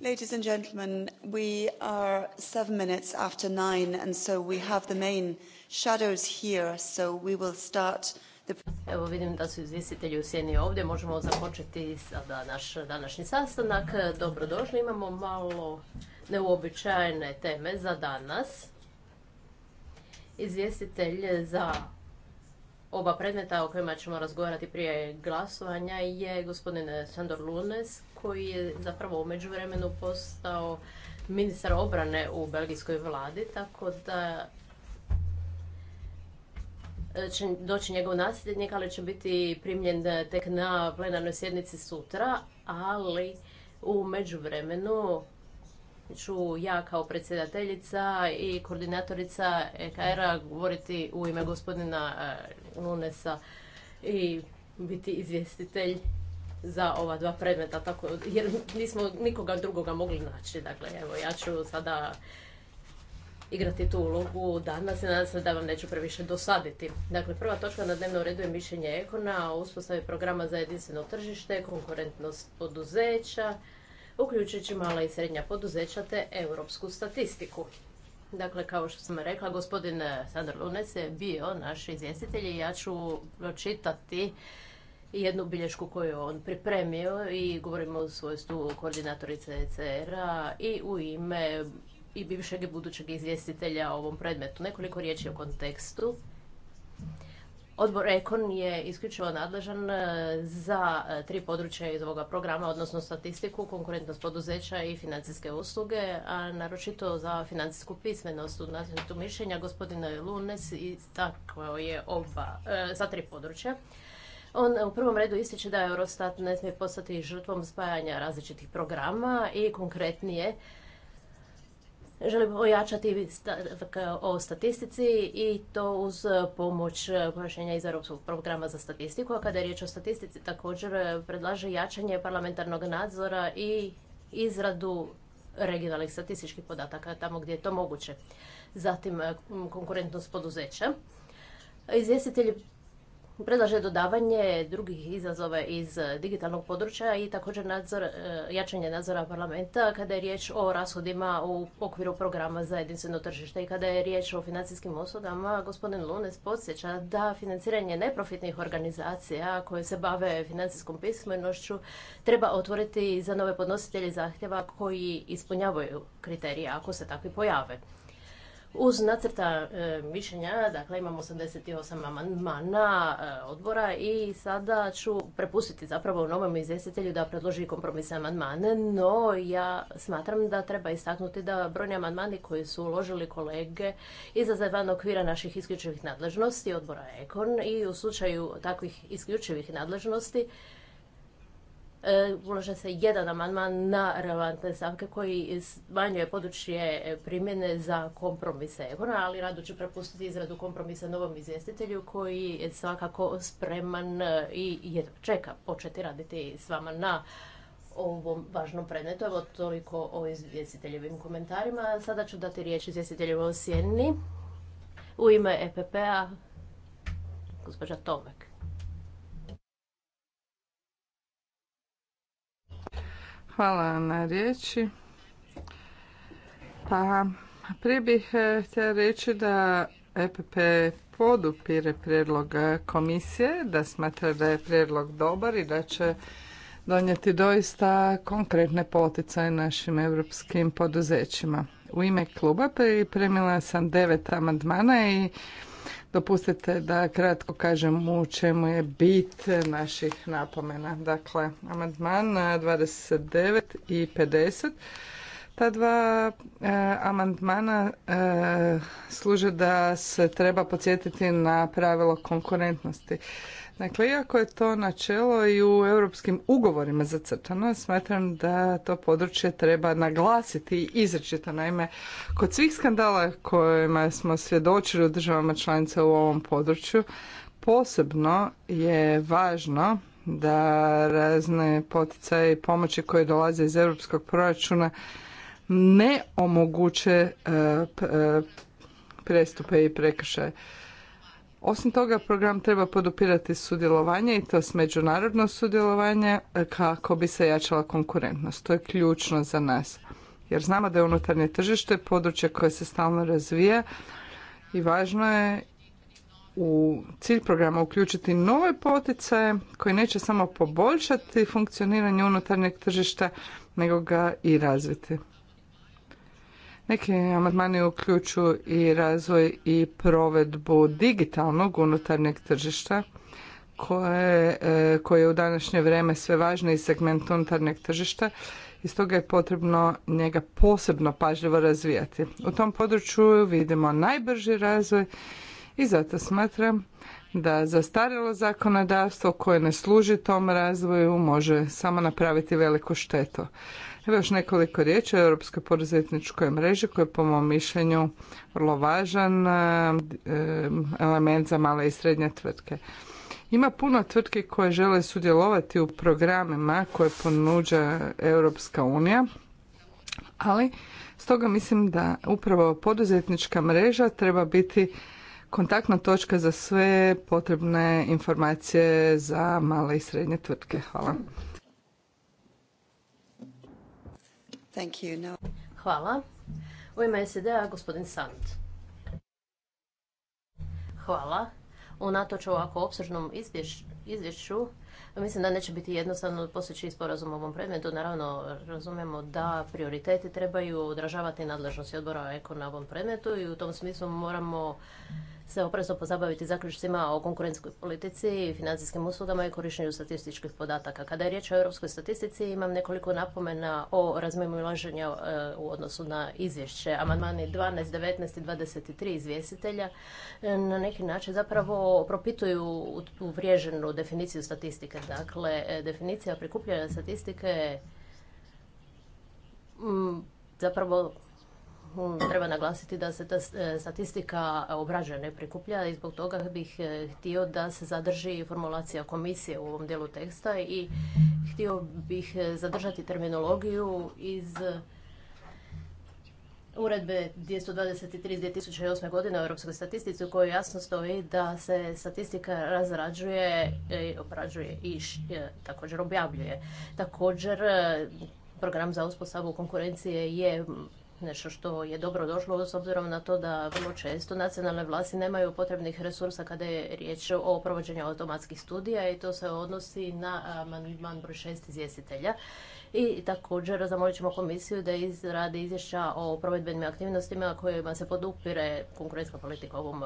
Ladies and gentlemen, we are seven minutes after nine, and so we have the main shadows here, so we will start the... Evo vidim da su izvjestitelji u sjeni ovdje, možemo započeti sada naš današnji sastanak. Dobrodošli, imamo malo neuobičajene teme za danas. Izvjestitelj za oba predmeta o kojima ćemo razgovarati prije glasovanja je gospodin Sandor Lunes koji je zapravo u međuvremenu postao ministar obrane u belgijskoj vladi, tako da e, će doći njegov nasljednik, ali će biti primljen tek na plenarnoj sjednici sutra, ali u međuvremenu ću ja kao predsjedateljica i koordinatorica EKR-a govoriti u ime gospodina e, Lunesa i biti izvjestitelj za ova dva predmeta, tako, jer nismo nikoga drugoga mogli naći. Dakle, evo, ja ću sada igrati tu ulogu danas i nadam se da vam neću previše dosaditi. Dakle, prva točka na dnevnom redu je mišljenje Ekona o uspostavi programa za jedinstveno tržište, konkurentnost poduzeća, uključujući mala i srednja poduzeća te europsku statistiku. Dakle, kao što sam rekla, gospodin Sandor Lunes je bio naš izvjestitelj i ja ću pročitati jednu bilješku koju on pripremio i govorimo o svojstvu koordinatorice ECR-a i u ime i bivšeg i budućeg izvjestitelja o ovom predmetu. Nekoliko riječi o kontekstu. Odbor Ekon je isključivo nadležan e, za e, tri područja iz ovoga programa, odnosno statistiku, konkurentnost poduzeća i financijske usluge, a naročito za financijsku pismenost u nacrtu mišljenja gospodina Lunes i tako je oba, e, za tri područja. On u prvom redu ističe da Eurostat ne smije postati žrtvom spajanja različitih programa i konkretnije želi ojačati o statistici i to uz pomoć e, pojašnjenja iz Europskog programa za statistiku. A kada je riječ o statistici također e, predlaže jačanje parlamentarnog nadzora i izradu regionalnih statističkih podataka tamo gdje je to moguće. Zatim e, konkurentnost poduzeća. Izvjestitelji predlaže dodavanje drugih izazova iz eh, digitalnog područja i također nadzor, eh, jačanje nadzora parlamenta kada je riječ o rashodima u okviru programa za jedinstveno tržište i kada je riječ o financijskim osudama, gospodin Lunes podsjeća da financiranje neprofitnih organizacija koje se bave financijskom pismenošću treba otvoriti za nove podnositelje zahtjeva koji ispunjavaju kriterije ako se takvi pojave. Uz nacrta e, mišljenja, dakle imamo 88 amandmana e, odbora i sada ću prepustiti zapravo novom izvjestitelju da predloži kompromisne amandmane, no ja smatram da treba istaknuti da brojni amandmani koji su uložili kolege izaze van okvira naših isključivih nadležnosti odbora Ekon i u slučaju takvih isključivih nadležnosti E, ulože se jedan amandman na relevantne stavke koji smanjuje područje primjene za kompromise eura, ali rado ću prepustiti izradu kompromisa novom izvjestitelju koji je svakako spreman i jedva čeka početi raditi s vama na ovom važnom predmetu. Evo toliko o izvjestiteljevim komentarima. Sada ću dati riječ izvjestiteljevo o U ime EPP-a, gospođa Tome. Hvala na riječi. Pa prije bih e, htjela reći da EPP podupire prijedlog komisije, da smatra da je prijedlog dobar i da će donijeti doista konkretne poticaje našim europskim poduzećima. U ime kluba pripremila sam devet amandmana i Dopustite da kratko kažem u čemu je bit naših napomena. Dakle, amandman 29 i 50. Ta dva e, amandmana e, služe da se treba podsjetiti na pravilo konkurentnosti. Dakle, iako je to načelo i u europskim ugovorima zacrtano, smatram da to područje treba naglasiti izrečito. Naime, kod svih skandala kojima smo svjedočili u državama članica u ovom području, posebno je važno da razne poticaje i pomoći koje dolaze iz europskog proračuna ne omoguće e, e, prestupe i prekršaje. Osim toga, program treba podupirati sudjelovanje i to s međunarodno sudjelovanje e, kako bi se jačala konkurentnost. To je ključno za nas. Jer znamo da je unutarnje tržište područje koje se stalno razvija i važno je u cilj programa uključiti nove poticaje koji neće samo poboljšati funkcioniranje unutarnjeg tržišta, nego ga i razviti. Neki amandmani uključuju i razvoj i provedbu digitalnog unutarnjeg tržišta e, koje, je u današnje vrijeme sve važniji segment unutarnjeg tržišta i stoga je potrebno njega posebno pažljivo razvijati. U tom području vidimo najbrži razvoj i zato smatram da zastarjelo zakonodavstvo koje ne služi tom razvoju može samo napraviti veliku štetu. Evo još nekoliko riječi o Europskoj poduzetničkoj mreži koja je po mom mišljenju vrlo važan e, e, element za male i srednje tvrtke. Ima puno tvrtki koje žele sudjelovati u programima koje ponuđa Europska unija, ali stoga mislim da upravo poduzetnička mreža treba biti kontaktna točka za sve potrebne informacije za male i srednje tvrtke. Hvala. Thank you. No. Hvala. U ime SED-a gospodin Sand. Hvala. Unatoč ovako opsežnom izvješću, mislim da neće biti jednostavno postići sporazum u ovom predmetu. Naravno, razumijemo da prioriteti trebaju odražavati nadležnosti odbora eko na ovom predmetu i u tom smislu moramo se opresno pozabaviti zaključcima o konkurentskoj politici, financijskim uslugama i korištenju statističkih podataka. Kada je riječ o europskoj statistici, imam nekoliko napomena o ulaženja e, u odnosu na izvješće. Amandmani 12, 19 i 23 izvjestitelja e, na neki način zapravo propituju uvriježenu definiciju statistike. Dakle, e, definicija prikupljanja statistike zapravo Treba naglasiti da se ta e, statistika obrađuje, ne prikuplja i zbog toga bih e, htio da se zadrži formulacija komisije u ovom dijelu teksta i htio bih e, zadržati terminologiju iz uredbe 223 2008. godine o europskoj statistici u kojoj jasno stoji da se statistika razrađuje, obrađuje i također objavljuje. Također, program za uspostavu konkurencije je nešto što je dobro došlo s obzirom na to da vrlo često nacionalne vlasti nemaju potrebnih resursa kada je riječ o provođenju automatskih studija i to se odnosi na amandman broj šest izvjestitelja. I također zamolit ćemo komisiju da izradi izvješća o provedbenim aktivnostima kojima se podupire konkurentska politika u ovom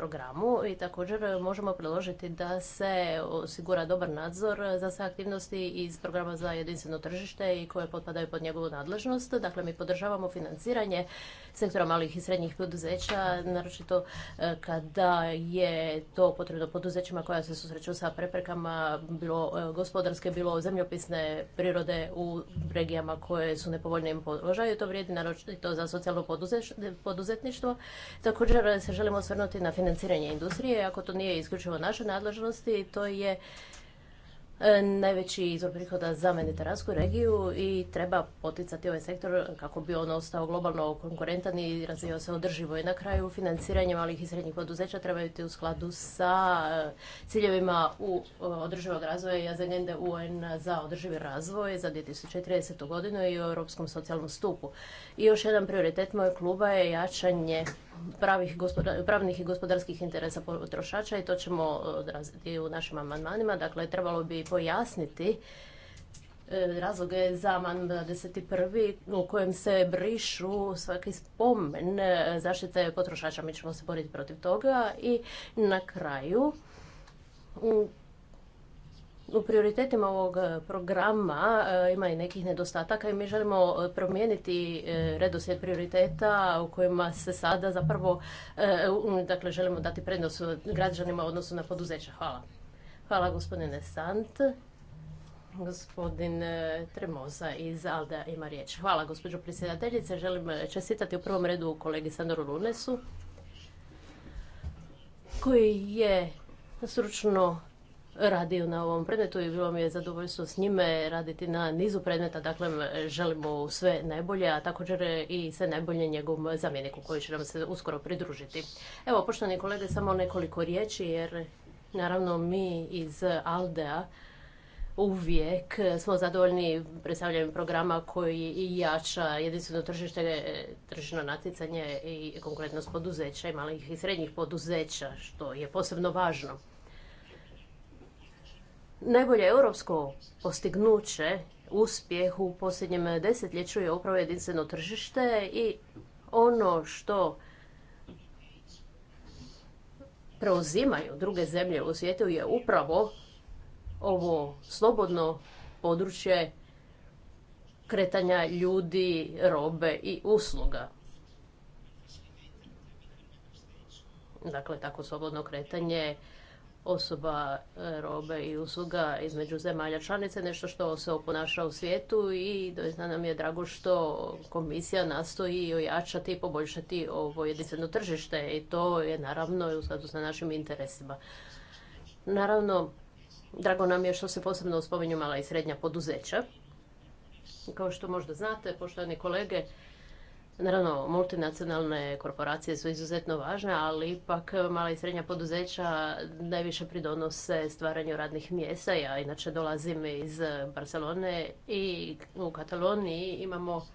programu i također e, možemo priložiti da se osigura dobar nadzor za sve aktivnosti iz programa za jedinstveno tržište i koje potpadaju pod njegovu nadležnost. Dakle, mi podržavamo financiranje sektora malih i srednjih poduzeća, naročito e, kada je to potrebno poduzećima koja se susreću sa preprekama, bilo e, gospodarske, bilo zemljopisne prirode u regijama koje su nepovoljnim položaju. To vrijedi naročito za socijalno poduzetništvo. Također se želimo osvrnuti na financiranje financiranje industrije, ako to nije isključivo naše nadležnosti, to je e, najveći izvor prihoda za mediteransku regiju i treba poticati ovaj sektor kako bi on ostao globalno konkurentan i razvijao se održivo. I na kraju financiranje malih i srednjih poduzeća treba biti u skladu sa e, ciljevima u e, održivog razvoja i UN za održivi razvoj za 2030. godinu i u Europskom socijalnom stupu. I još jedan prioritet mojeg kluba je jačanje pravnih i gospodarskih interesa potrošača i to ćemo e, odraziti u našim amandmanima. Dakle, trebalo bi pojasniti e, razloge za amandman 21. u kojem se brišu svaki spomen e, zaštite potrošača. Mi ćemo se boriti protiv toga i na kraju u prioritetima ovog e, programa e, ima i nekih nedostataka i mi želimo e, promijeniti redoslijed prioriteta u kojima se sada zapravo, dakle želimo dati prednost građanima u odnosu na poduzeća. Hvala. Hvala gospodine Sant. Gospodin Tremoza iz Alda ima riječ. Hvala gospođo predsjedateljice. Želim čestitati u prvom redu kolegi Sandoru Lunesu koji je stručno radio na ovom predmetu i bilo mi je zadovoljstvo s njime raditi na nizu predmeta. Dakle, želimo sve najbolje, a također i sve najbolje njegovom zamjeniku koji će nam se uskoro pridružiti. Evo, poštovani kolege, samo nekoliko riječi jer naravno mi iz Aldea uvijek smo zadovoljni predstavljanjem programa koji i jača jedinstveno tržište, tržišno natjecanje i konkurentnost poduzeća i malih i srednjih poduzeća, što je posebno važno. Najbolje europsko postignuće, uspjeh u posljednjem desetljeću je upravo jedinstveno tržište i ono što preuzimaju druge zemlje u svijetu je upravo ovo slobodno područje kretanja ljudi, robe i usluga. Dakle, tako slobodno kretanje osoba, e, robe i usluga između zemalja članice, nešto što se oponaša u svijetu i doista nam je drago što komisija nastoji ojačati i poboljšati ovo jedinstveno tržište i to je naravno u skladu sa našim interesima. Naravno, drago nam je što se posebno spominju mala i srednja poduzeća. Kao što možda znate, poštovani kolege, Naravno, multinacionalne korporacije su izuzetno važne, ali ipak mala i srednja poduzeća najviše pridonose stvaranju radnih mjesta. Ja inače dolazim iz Barcelone i u Kataloniji imamo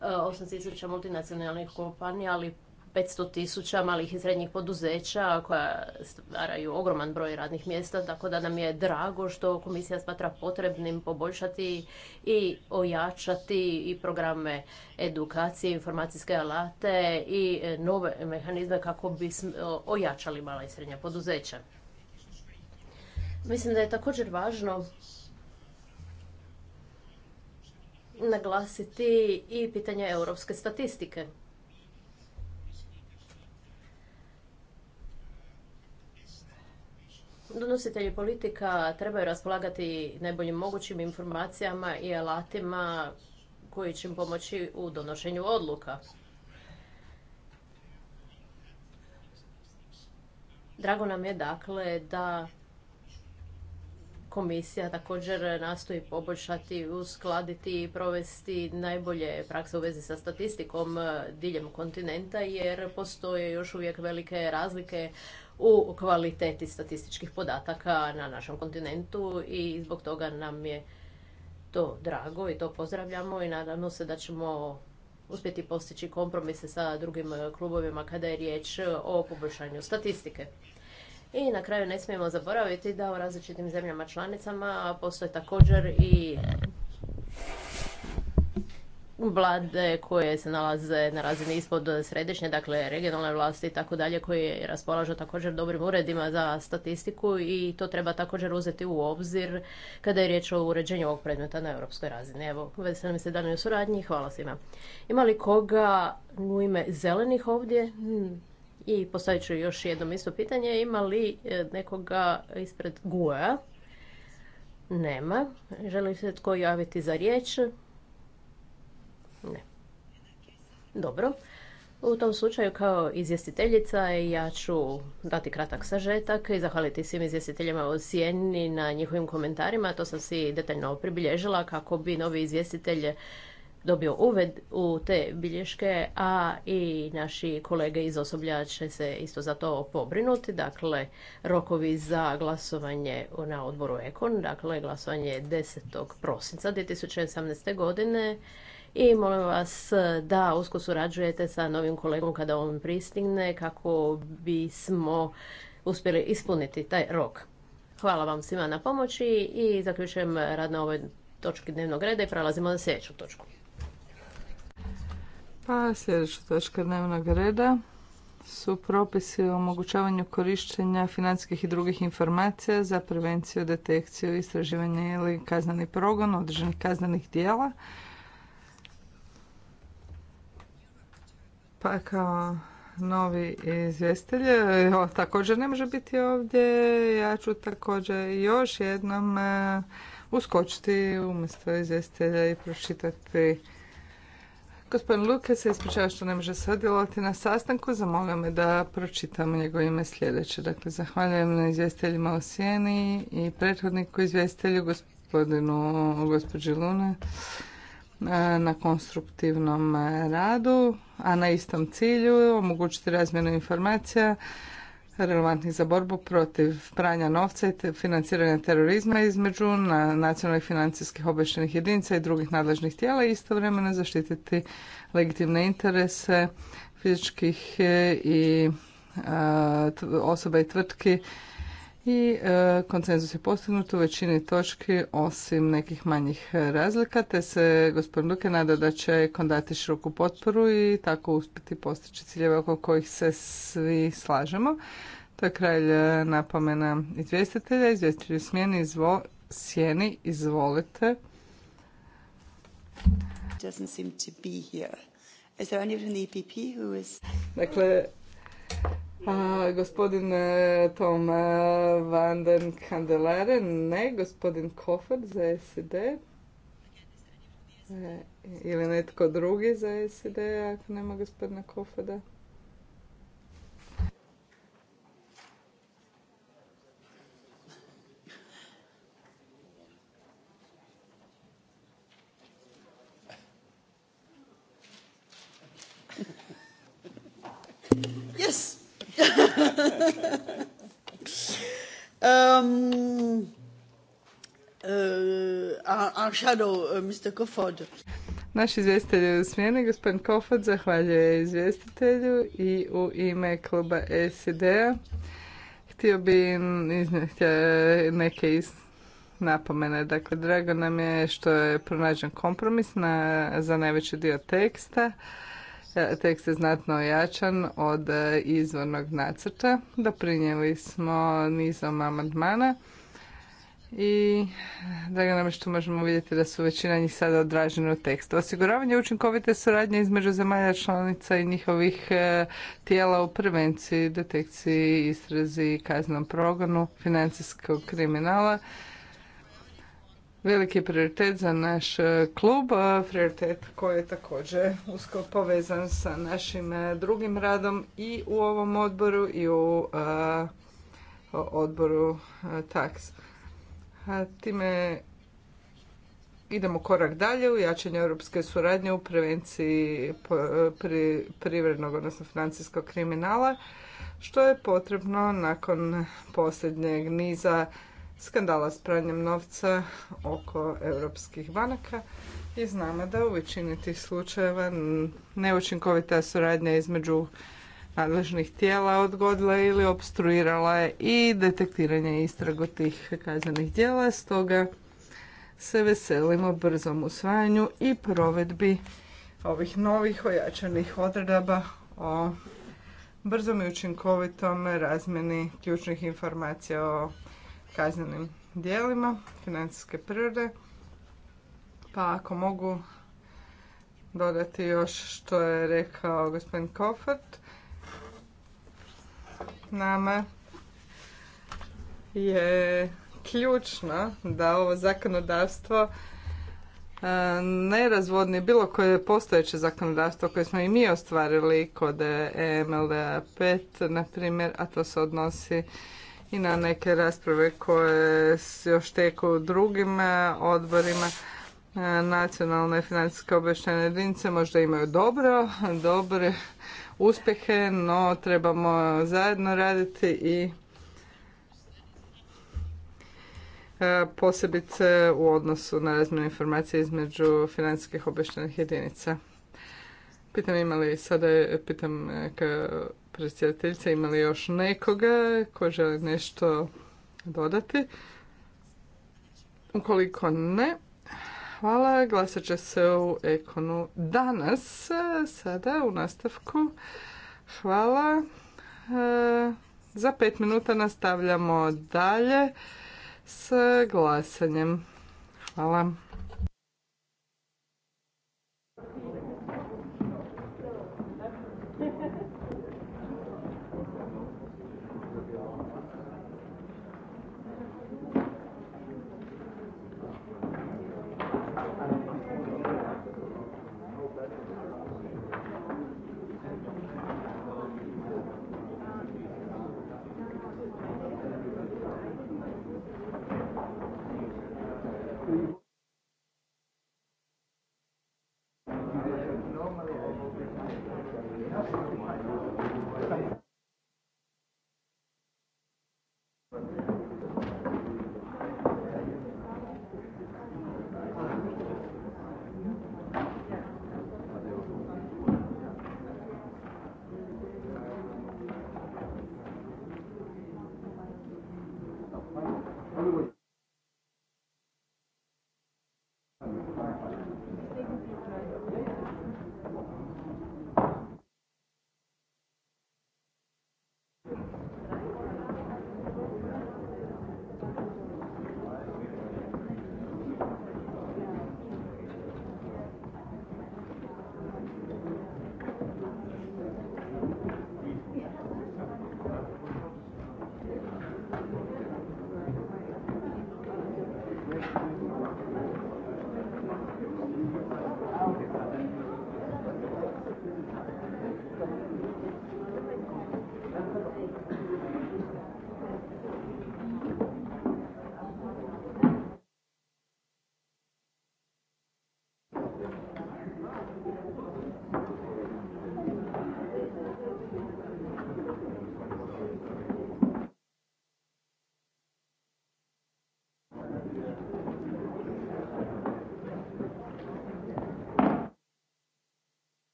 e, 8.000 multinacionalnih kompanija, ali 500 tisuća malih i srednjih poduzeća koja stvaraju ogroman broj radnih mjesta, tako da nam je drago što komisija smatra potrebnim poboljšati i ojačati i programe edukacije, informacijske alate i e, nove mehanizme kako bi ojačali mala i srednja poduzeća. Mislim da je također važno naglasiti i pitanje europske statistike. Donositelji politika trebaju raspolagati najboljim mogućim informacijama i alatima koji će im pomoći u donošenju odluka. Drago nam je dakle da komisija također nastoji poboljšati, uskladiti i provesti najbolje prakse u vezi sa statistikom diljem kontinenta jer postoje još uvijek velike razlike u kvaliteti statističkih podataka na našem kontinentu i zbog toga nam je to drago i to pozdravljamo i nadamo se da ćemo uspjeti postići kompromise sa drugim klubovima kada je riječ o poboljšanju statistike. I na kraju ne smijemo zaboraviti da u različitim zemljama članicama postoje također i vlade koje se nalaze na razini ispod središnje, dakle regionalne vlasti i tako dalje, koje raspolažu također dobrim uredima za statistiku i to treba također uzeti u obzir kada je riječ o uređenju ovog predmeta na europskoj razini. Evo, veselim se danoj suradnji i hvala svima. Ima li koga u ime zelenih ovdje? Hmm. I postavit ću još jedno isto pitanje. Ima li e, nekoga ispred GUE-a? Nema. Želi se tko javiti za riječ? Ne. Dobro. U tom slučaju kao izvjestiteljica ja ću dati kratak sažetak i zahvaliti svim izvjestiteljima o Sijeni na njihovim komentarima. To sam si detaljno pribilježila kako bi novi izvjestitelj dobio uved u te bilješke, a i naši kolege iz osoblja će se isto za to pobrinuti. Dakle, rokovi za glasovanje na odboru Ekon, dakle glasovanje 10. prosinca 2018. godine i molim vas e, da usko surađujete sa novim kolegom kada on pristigne kako bismo uspjeli ispuniti taj rok. Hvala vam svima na pomoći i zaključujem rad na ovoj točki dnevnog reda i prelazimo na sljedeću točku. Pa sljedeća točka dnevnog reda su propisi o omogućavanju korištenja financijskih i drugih informacija za prevenciju, detekciju, istraživanje ili kazneni progon određenih kaznenih dijela. Pa kao novi izvjestelj eh, također ne može biti ovdje. Ja ću također još jednom eh, uskočiti umjesto izvjestitelja i pročitati Gospodin Luke se ispričava što ne može sudjelovati na sastanku. Zamolio me da pročitam njegovo ime sljedeće. Dakle, zahvaljujem na izvjestiteljima u Sjeni i prethodniku izvjestitelju gospodinu gospođi Lune na konstruktivnom radu, a na istom cilju omogućiti razmjenu informacija relevantnih za borbu protiv pranja novca i financiranja terorizma između nacionalnih financijskih obavještajnih jedinica i drugih nadležnih tijela i istovremeno zaštititi legitimne interese fizičkih e, i osoba i tvrtki i e, konsenzus je postignut u većini točki osim nekih manjih razlika, te se gospodin Duke nada da će kondati široku potporu i tako uspjeti postići ciljeve oko kojih se svi slažemo. To je kraj e, napomena izvjestitelja. Izvjestitelj smjeni izvo, sjeni, izvolite. Dakle, pa gospodin e, Tom e, van den Kandelare, ne, gospodin kofer za SED e, ili netko drugi za SED ako nema gospodina Kofeda. um, our uh, shadow, uh, Mr. Kofod. Naš izvjestitelj je u smjeni, gospodin Kofod, zahvaljuje izvjestitelju i u ime kluba e sed a Htio bi iznijeti uh, neke iz napomene. Dakle, drago nam je što je pronađen kompromis na, za najveći dio teksta. E, tekst je znatno ojačan od e, izvornog nacrta. Doprinijeli smo nizom amandmana i drago nam je što možemo vidjeti da su većina njih sada odražene u tekstu. Osiguravanje učinkovite suradnje između zemalja članica i njihovih e, tijela u prevenciji, detekciji, istrazi i kaznom progonu financijskog kriminala veliki prioritet za naš e, klub, prioritet koji je također usko povezan sa našim e, drugim radom i u ovom odboru i u e, odboru Taks. time idemo korak dalje u jačanju europske suradnje u prevenciji privrednog, odnosno financijskog kriminala, što je potrebno nakon posljednjeg niza skandala s pranjem novca oko europskih banaka i znamo da u većini tih slučajeva neučinkovita suradnja između nadležnih tijela odgodila ili obstruirala je i detektiranje istrago tih kaznenih djela, stoga se veselimo brzom usvajanju i provedbi ovih novih ojačanih odredaba o brzom i učinkovitom razmjeni ključnih informacija o kaznenim dijelima financijske prirode. Pa ako mogu dodati još što je rekao gospodin Kofert, nama je ključno da ovo zakonodavstvo nerazvodni bilo koje postojeće zakonodavstvo koje smo i mi ostvarili kod EMLDA 5, na primjer, a to se odnosi i na neke rasprave koje se još teku u drugim e, odborima e, nacionalne financijske obještene jedinice možda imaju dobro, dobre uspjehe, no trebamo zajedno raditi i e, posebice u odnosu na razmjenu informacije između financijskih obavještajnih jedinica. Pitam ima li sada, pitam predsjedateljica, ima još nekoga ko želi nešto dodati? Ukoliko ne, hvala. Glasat će se u Ekonu danas, sada u nastavku. Hvala. E, za pet minuta nastavljamo dalje s glasanjem. Hvala.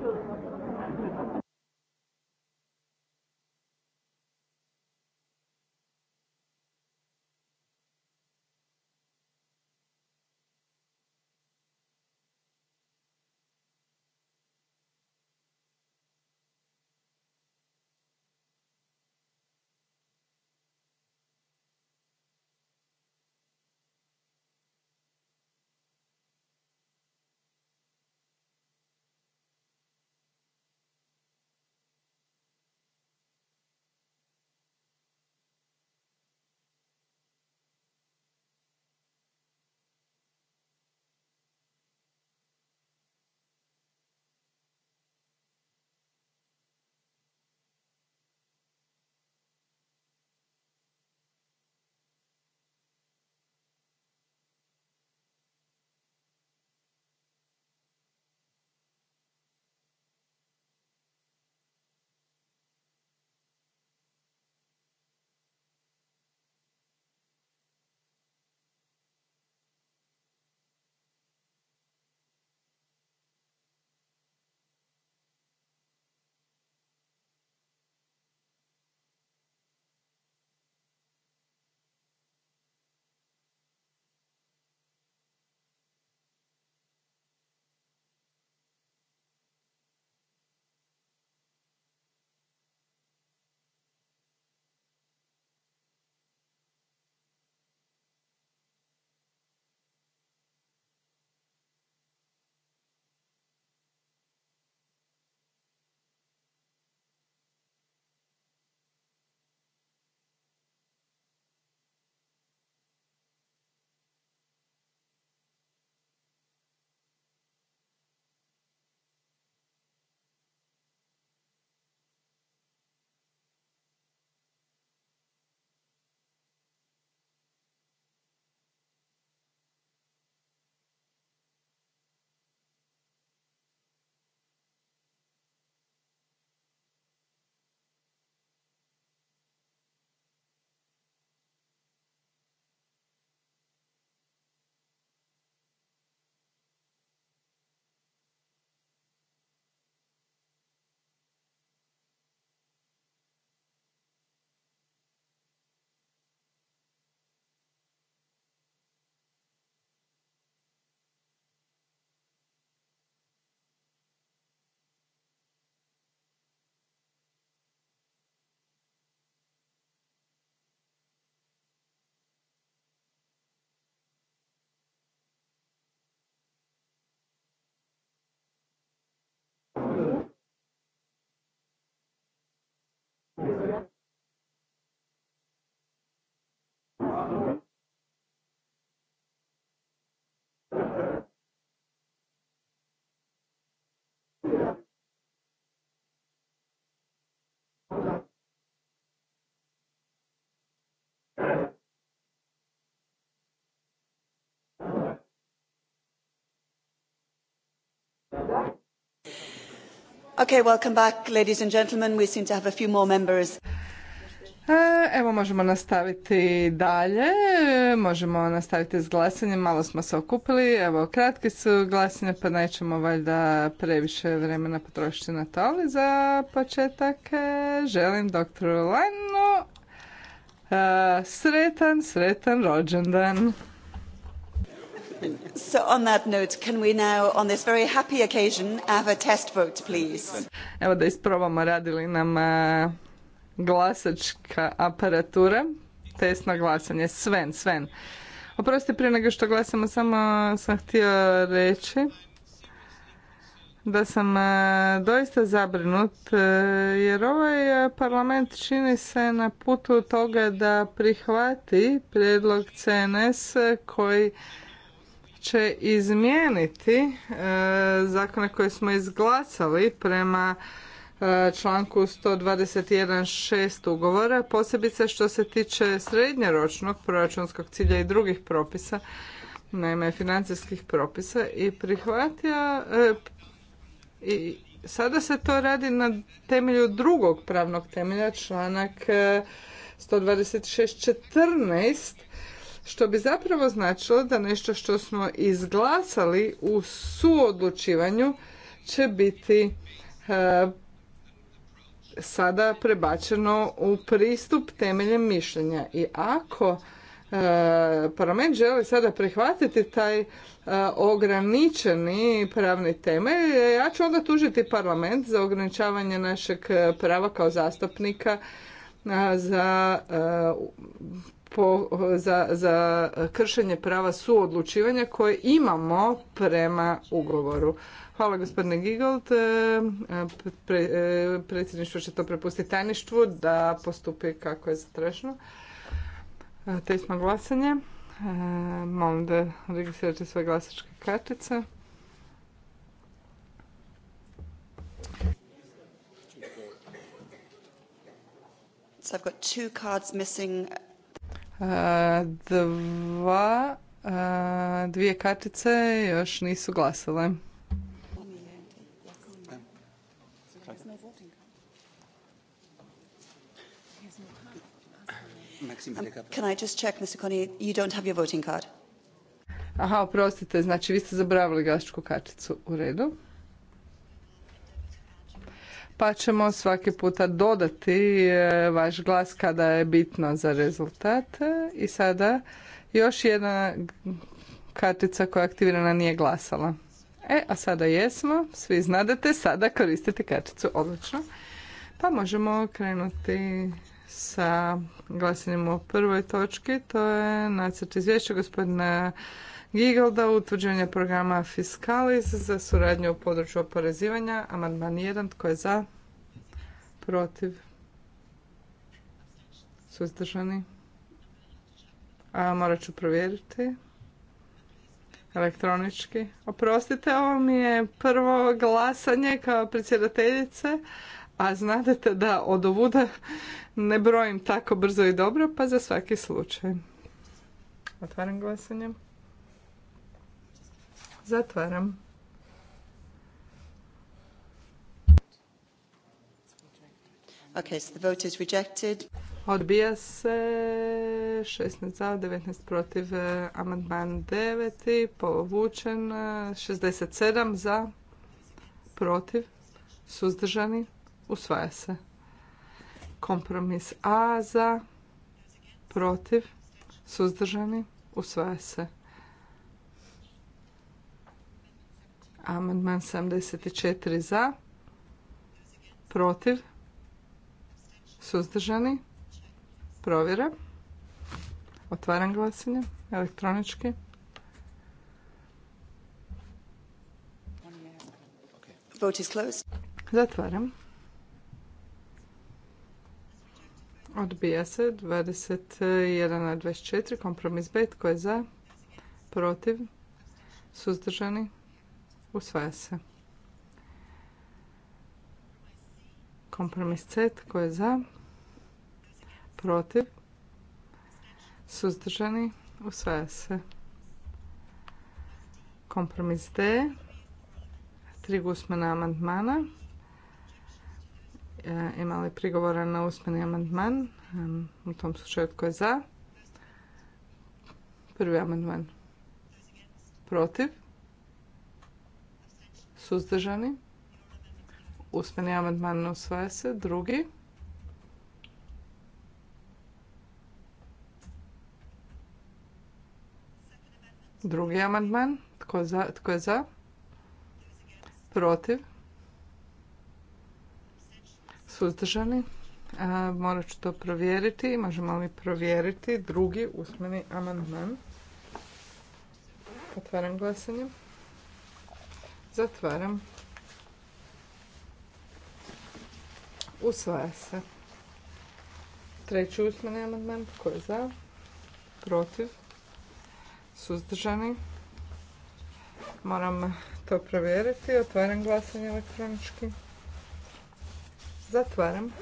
Hvala Hvala Okay, Evo možemo nastaviti dalje, možemo nastaviti s glasanjem, malo smo se okupili, evo kratki su glasanje pa nećemo valjda previše vremena potrošiti na to, ali za početak e, želim doktoru Lenu e, sretan, sretan rođendan. Evo da isprobamo radili nam e, glasačka aparatura. Testno glasanje. Sven, Sven. Oprosti, prije nego što glasamo, samo sam htio reći da sam e, doista zabrinut e, jer ovaj parlament čini se na putu toga da prihvati prijedlog CNS koji će izmijeniti e, zakone koje smo izglasali prema e, članku 121.6 ugovora, posebice što se tiče srednjeročnog proračunskog cilja i drugih propisa, naime financijskih propisa i prihvatio e, i sada se to radi na temelju drugog pravnog temelja članak 126.14 što bi zapravo značilo da nešto što smo izglasali u suodlučivanju će biti e, sada prebačeno u pristup temeljem mišljenja. I ako e, parlament želi sada prihvatiti taj e, ograničeni pravni temelj, ja ću onda tužiti parlament za ograničavanje našeg prava kao zastupnika za po, za, za kršenje prava suodlučivanja koje imamo prema ugovoru. Hvala gospodine Gigold. E, pre, e, predsjedništvo će to prepustiti tajništvu da postupi kako je zatraženo. E, te smo glasanje. Molim da registrirate svoje glasačke kartice. So I've got two cards missing dva, e, dvije kartice još nisu glasale. Um, I Aha, oprostite, znači vi ste zaboravili glasačku karticu. U redu pa ćemo svaki puta dodati e, vaš glas kada je bitno za rezultat. E, I sada još jedna kartica koja je aktivirana nije glasala. E, a sada jesmo, svi znadete, sada koristite karticu, odlično. Pa možemo krenuti sa glasanjem o prvoj točki, to je nacrt izvješća gospodina gigalda utvrđenje programa Fiskalis za suradnju u području oporezivanja, amandman 1, tko je za, protiv, suzdržani. A, morat ću provjeriti elektronički. Oprostite, ovo mi je prvo glasanje kao predsjedateljice, a znate da od ovuda ne brojim tako brzo i dobro, pa za svaki slučaj. Otvaram glasanje. Zatvaram. Okay, so the vote is rejected. Odbija se 16 za, 19 protiv, e, amandman 9, povučen, 67 e, za, protiv, suzdržani, usvaja se. Kompromis A za, protiv, suzdržani, usvaja se. Amandman 74 za, protiv, suzdržani, provjera. Otvaram glasanje elektronički. Zatvaram. Odbija se 21 na 24. Kompromis B. Tko je za? Protiv? Suzdržani? Usvaja se. Kompromis C. Tko je za? Protiv? Suzdržani? Usvaja se. Kompromis D. Tri usmena amandmana. E, imali prigovora na usmeni amandman? E, u tom slučaju tko je za? Prvi amandman. Protiv? Suzdržani? Usmeni amandman usvaja se. Drugi? Drugi amandman. Tko, je za? Protiv? Suzdržani? morat ću to provjeriti. Možemo li provjeriti drugi usmeni amandman? Otvaram glasanje. Zatvaram. Usvaja se. Treći usmeni amandman. Tko je za? Protiv? Suzdržani? Moram to provjeriti. Otvaram glasanje elektronički. Zatvaram.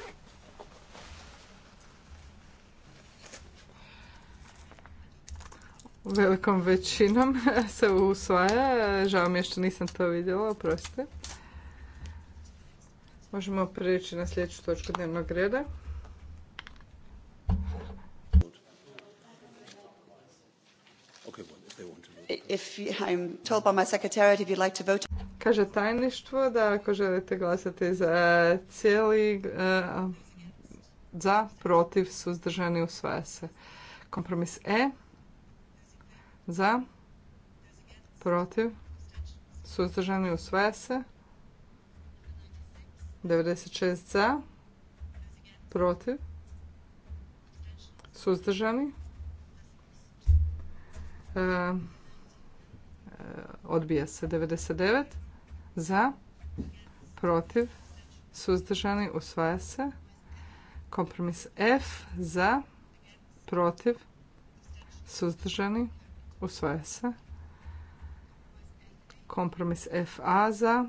velikom većinom se usvaja. Žao mi je što nisam to vidjela, oprostite. Možemo prijeći na sljedeću točku dnevnog reda. Kaže tajništvo da ako želite glasati za cijeli eh, za, protiv, suzdržani, usvaja se. Kompromis E. Za. Protiv. Suzdržani usvaja se. 96 za. Protiv. Suzdržani. E, e, odbija se 99. Za. Protiv. Suzdržani usvaja se. Kompromis F za. Protiv. Suzdržani Usvaja se. Kompromis FA za.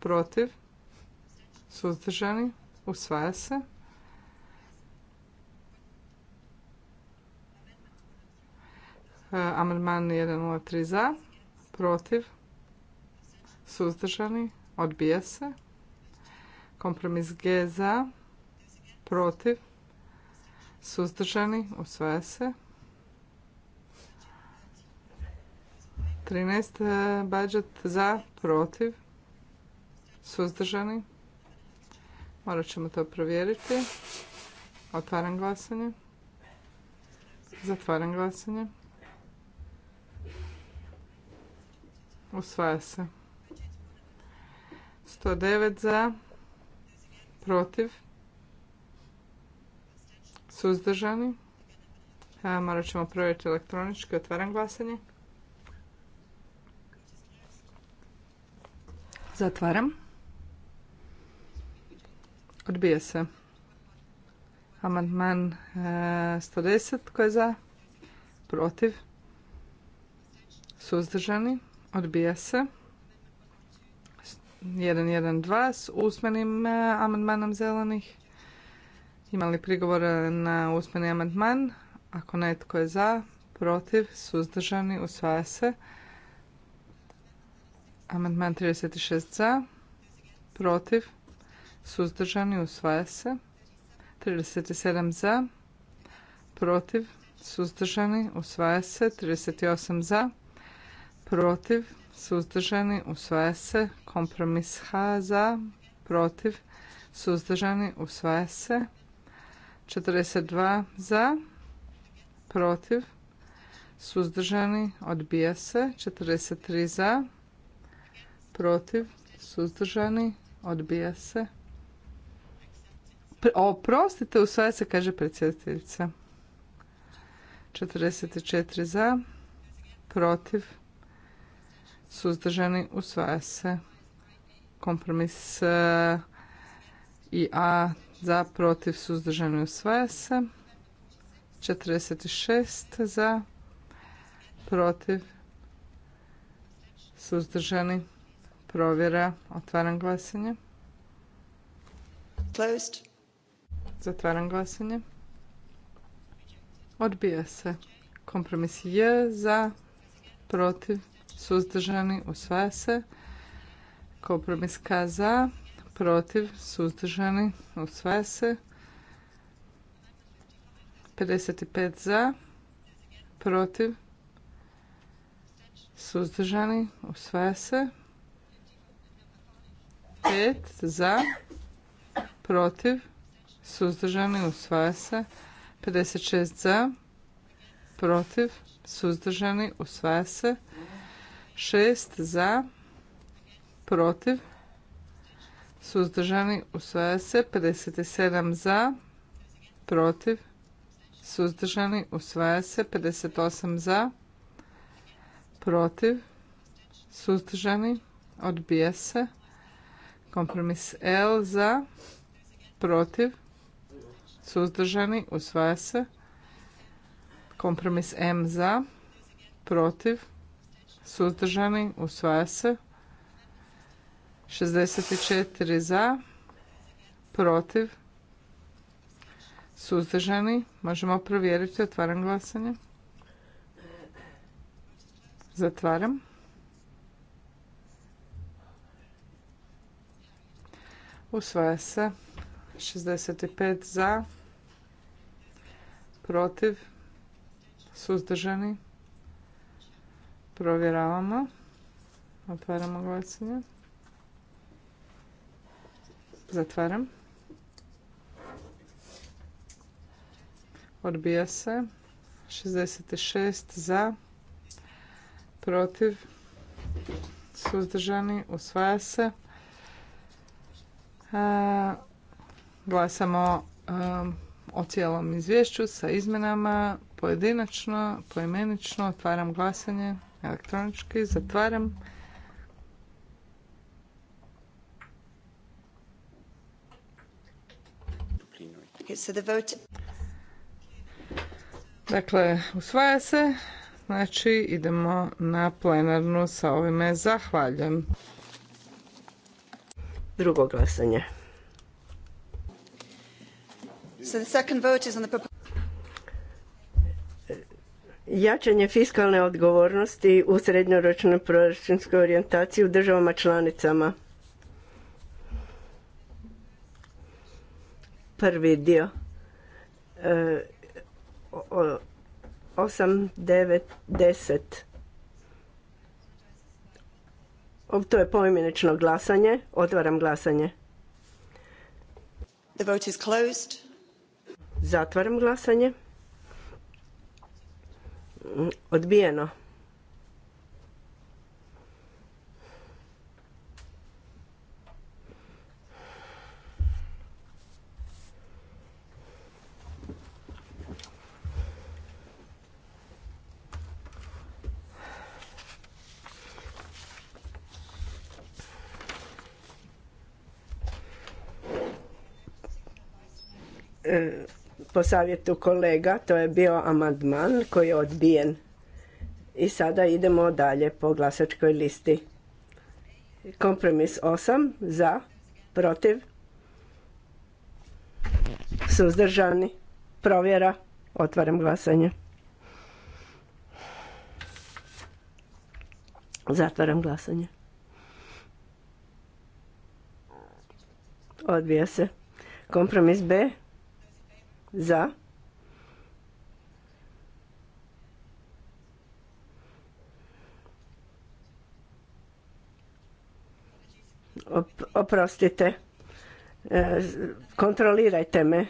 Protiv. Suzdržani. Usvaja se. E, amandman 103 za. Protiv. Suzdržani. Odbija se. Kompromis G za. Protiv. Suzdržani. Usvaja se. 13. E, budžet za, protiv, suzdržani. Morat ćemo to provjeriti. Otvaram glasanje. Zatvaram glasanje. Usvaja se. 109 za, protiv, suzdržani. E, morat ćemo provjeriti elektronički. Otvaram glasanje. Zatvaram. Odbija se. Amandman 110. E, tko je za? Protiv? Suzdržani? Odbija se. 112 s usmenim e, amandmanom zelenih. Ima li prigovora na usmeni amandman? Ako ne, tko je za? Protiv? Suzdržani? Usvaja se. Amandman 36 za, protiv, suzdržani, usvaja se. 37 za, protiv, suzdržani, usvaja se. 38 za, protiv, suzdržani, usvaja se. Kompromis H za, protiv, suzdržani, usvaja se. 42 za, protiv, suzdržani, odbija se. 43 za, protiv, suzdržani, odbija se. Oprostite, usvaja se, kaže predsjedateljica. 44 za, protiv, suzdržani, usvaja se. Kompromis e, i A za, protiv, suzdržani, usvaja se. 46 za, protiv, suzdržani, Provjera. Otvaram glasanje. Closed. Zatvaram glasanje. Odbija se. Kompromis je za, protiv, suzdržani, usvaja se. Kompromis K za, protiv, suzdržani, usvaja se. 55 za, protiv, suzdržani, usvaja se. 5 za, protiv, suzdržani, usvaja se. 56 za, protiv, suzdržani, usvaja se. 6 za, protiv, suzdržani, usvaja se. 57 za, protiv, suzdržani, usvaja se. 58 za, protiv, suzdržani, odbija se. Kompromis L za, protiv, suzdržani, usvaja se. Kompromis M za, protiv, suzdržani, usvaja se. 64 za, protiv, suzdržani. Možemo provjeriti, otvaram glasanje. Zatvaram. Usvaja se. 65 za. Protiv. Suzdržani. Provjeravamo. Otvaramo glasanje. Zatvaram. Odbija se. 66 za. Protiv. Suzdržani. Usvaja se. Glasamo o cijelom izvješću sa izmjenama pojedinačno, poimenično. Otvaram glasanje elektronički, zatvaram. Dakle, usvaja se. Znači, idemo na plenarnu sa ovime. Zahvaljujem drugo glasanje. Jačanje fiskalne odgovornosti u srednjoročnoj proračunskoj orijentaciji u državama članicama. Prvi dio. E, osam, devet, to je poimenično glasanje. Otvaram glasanje. The vote Zatvaram glasanje. Mm, odbijeno. E, po savjetu kolega, to je bio amandman koji je odbijen. I sada idemo dalje po glasačkoj listi. Kompromis osam. za, protiv, suzdržani, provjera, otvaram glasanje. Zatvaram glasanje. Odbija se. Kompromis B za oprostite e, kontrolirajte me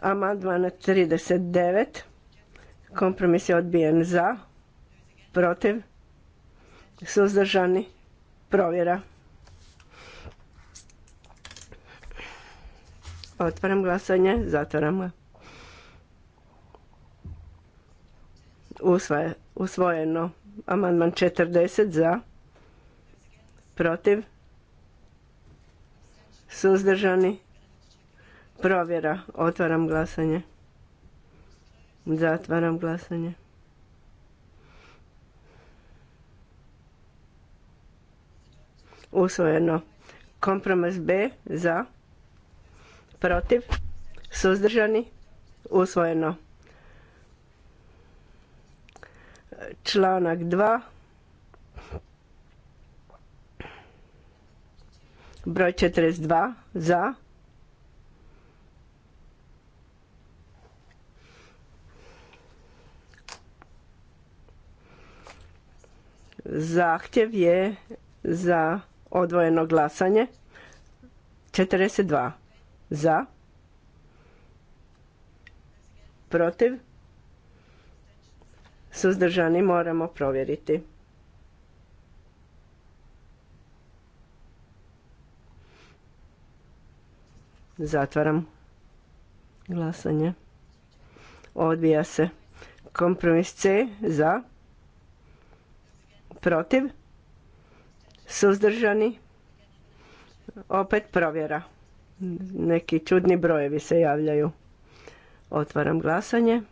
amandman 39 kompromis je odbijen za protiv suzdržani provjera otvaram glasanje zatvaram usvojeno. Amandman 40 za, protiv, suzdržani, provjera. Otvaram glasanje. Zatvaram glasanje. Usvojeno. Kompromis B za, protiv, suzdržani, usvojeno. članak 2 broj 42 za zahtjev je za odvojeno glasanje 42 za protiv suzdržani moramo provjeriti. Zatvaram glasanje. Odbija se. Kompromis C za. Protiv. Suzdržani. Opet provjera. Neki čudni brojevi se javljaju. Otvaram glasanje.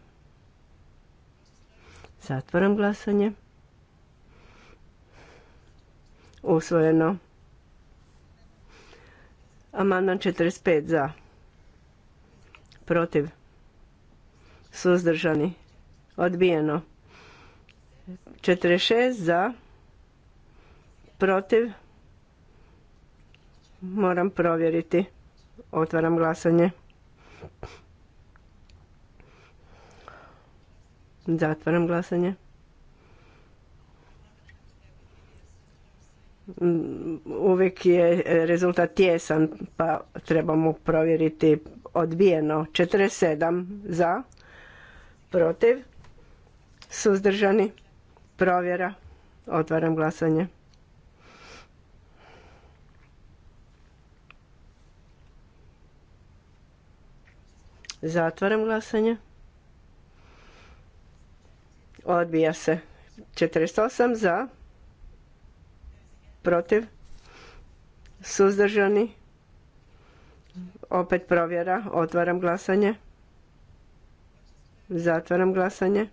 Zatvaram glasanje. Usvojeno. Amandman 45 za. Protiv. Suzdržani. Odbijeno. 46 za. Protiv. Moram provjeriti. Otvaram glasanje. Zatvaram glasanje. Mm, uvijek je e, rezultat tjesan, pa trebamo provjeriti odbijeno. 47 za, protiv, suzdržani, provjera. Otvaram glasanje. Zatvaram glasanje. Odbija se. 48 za. Protiv. Suzdržani. Opet provjera. Otvaram glasanje. Zatvaram glasanje.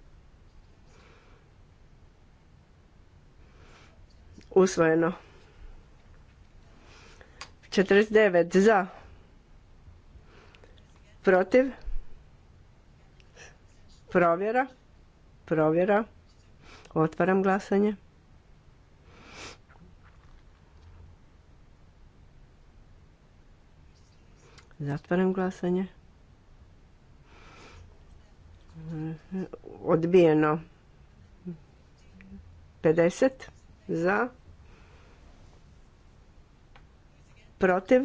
Usvojeno. 49 za. Protiv. Provjera provjera. Otvaram glasanje. Zatvaram glasanje. Odbijeno. 50 za. Protiv.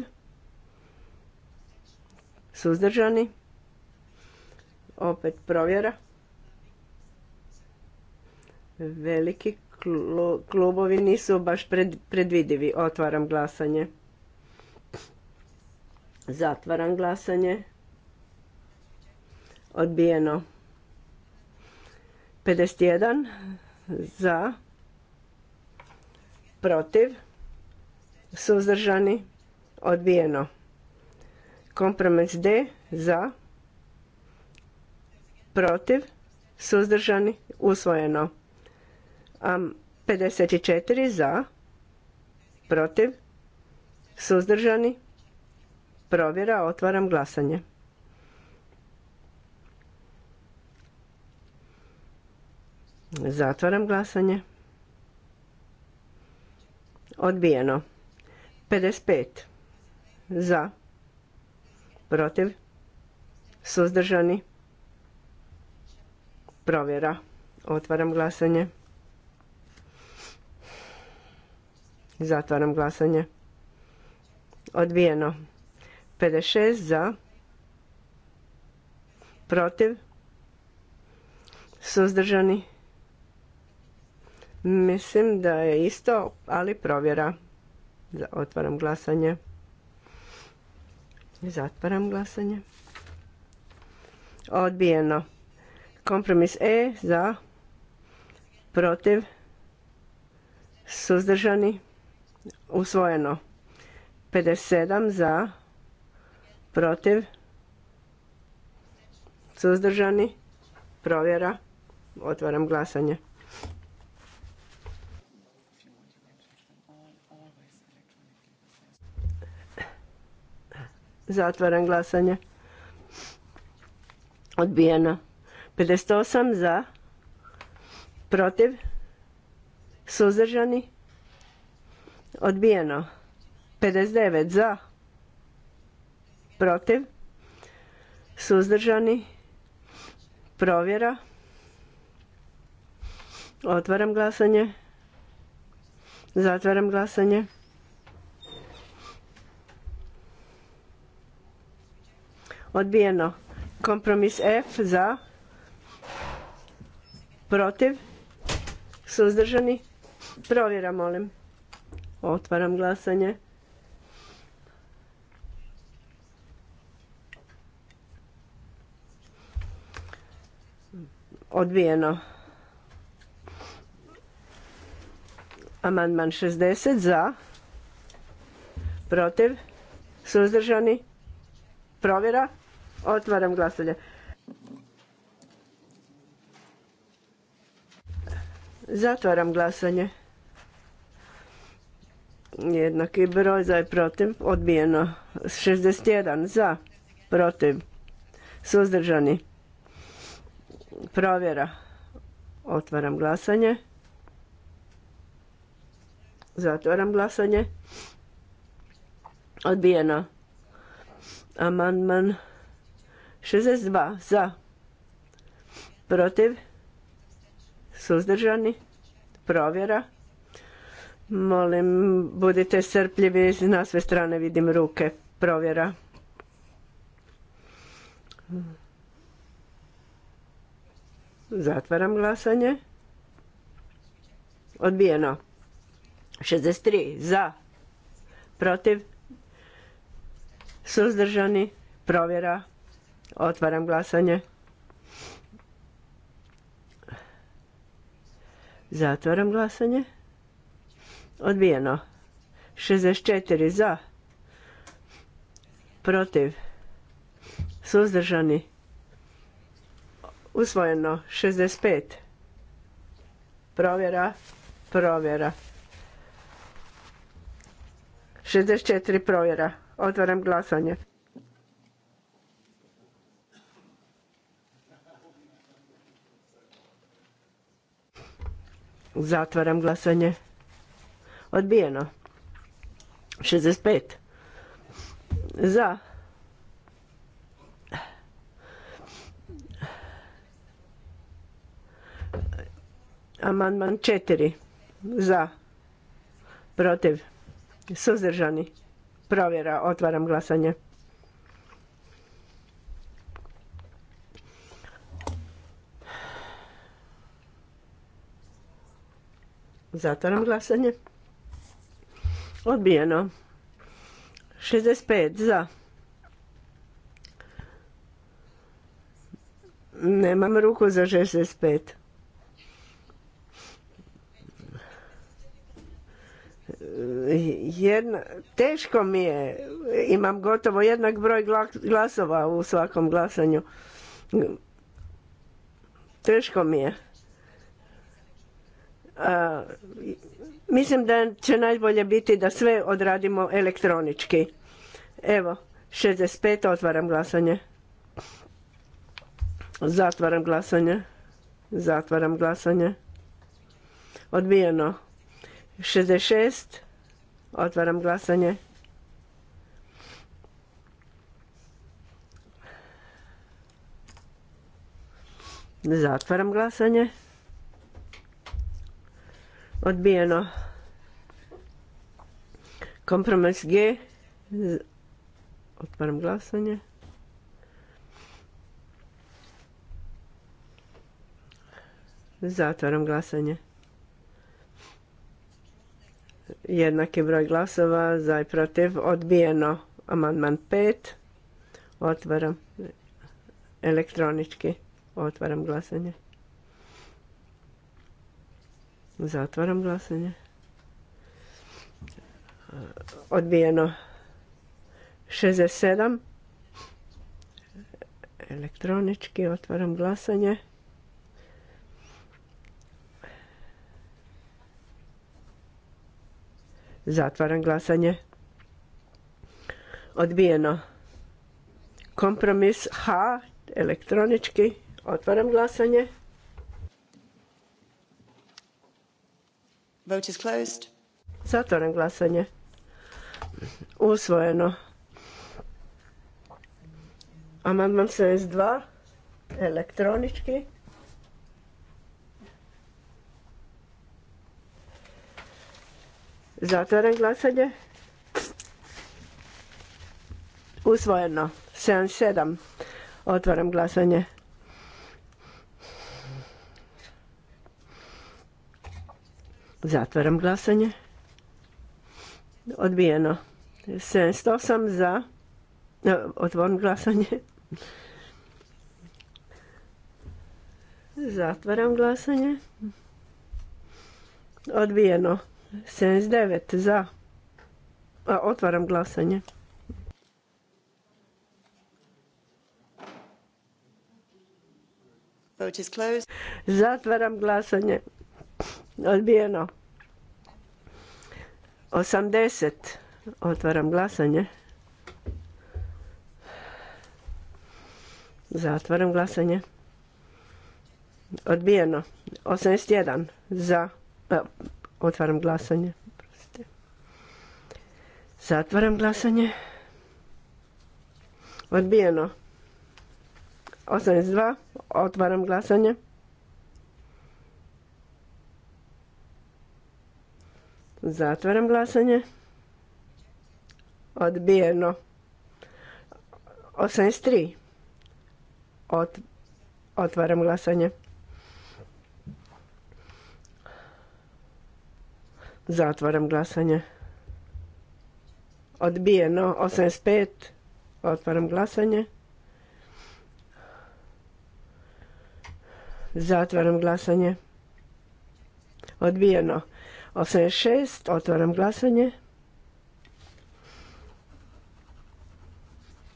Suzdržani. Opet provjera. Veliki klubovi nisu baš predvidivi. Otvaram glasanje. Zatvaram glasanje. Odbijeno. 51 za protiv suzdržani odbijeno. Kompromis D za protiv suzdržani usvojeno. 54 za, protiv, suzdržani, provjera, otvaram glasanje. Zatvaram glasanje. Odbijeno. 55 za, protiv, suzdržani, provjera, otvaram glasanje. Zatvaram glasanje. Odbijeno. 56 za. Protiv. Suzdržani. Mislim da je isto, ali provjera. Otvaram glasanje. Zatvaram glasanje. Odbijeno. Kompromis E za. Protiv. Suzdržani usvojeno 57 za protiv suzdržani provjera otvaram glasanje zatvaram glasanje odbijeno 58 za protiv suzdržani odbijeno 59 za protiv suzdržani provjera otvaram glasanje zatvaram glasanje odbijeno kompromis F za protiv suzdržani provjera molim Otvaram glasanje. Odbijeno. Amandman 60 za. Protiv. Suzdržani. Provjera. Otvaram glasanje. Zatvaram glasanje jednaki broj za i protiv odbijeno 61 za protiv suzdržani provjera otvaram glasanje zatvaram glasanje odbijeno amandman 62 za protiv suzdržani provjera Molim, budite srpljivi, na sve strane vidim ruke. Provjera. Zatvaram glasanje. Odbijeno. 63 za, protiv, suzdržani, provjera, otvaram glasanje. Zatvaram glasanje. Odbijeno. 64 za. Protiv. Suzdržani. Usvojeno. 65. Provjera. Provjera. 64 provjera. Otvaram glasanje. Zatvaram glasanje. Odbijeno. 65. Za. Amandman 4. Za. Protiv. Suzdržani. Provjera. Otvaram glasanje. Zatvaram glasanje. Odbijeno. 65 za. Nemam ruku za 65. Jedna, teško mi je, imam gotovo jednak broj glasova u svakom glasanju. Teško mi je. Mislim da će najbolje biti da sve odradimo elektronički. Evo, 65, otvaram glasanje. Zatvaram glasanje. Zatvaram glasanje. Odbijeno. 66. Otvaram glasanje. Zatvaram glasanje. Odbijeno. Kompromis G. Otvaram glasanje. Zatvaram glasanje. Jednaki broj glasova za i protiv. Odbijeno amandman 5. Otvaram elektronički. Otvaram glasanje. Zatvaram glasanje odbijeno 67 elektronički otvaram glasanje zatvaram glasanje odbijeno kompromis H elektronički otvaram glasanje vote is closed Zatvoram glasanje. Usvojeno. Amandman 72. Elektronički. Zatvaram glasanje. Usvojeno. 77. Otvaram glasanje. Zatvaram glasanje. Odbijeno. 708 za. E, Otvorim glasanje. Zatvaram glasanje. Odbijeno. 79 za. A, otvaram glasanje. Zatvaram glasanje. Odbijeno. 80. Otvaram glasanje. Zatvaram glasanje. Odbijeno. 81 za. E, otvaram glasanje. Zatvaram glasanje. Odbijeno. 82. Otvaram glasanje. Zatvaram glasanje. Odbijeno. 83. Ot, otvaram glasanje. Zatvaram glasanje. Odbijeno. 85. Otvaram glasanje. Zatvaram glasanje. Odbijeno. 86. Otvaram glasanje.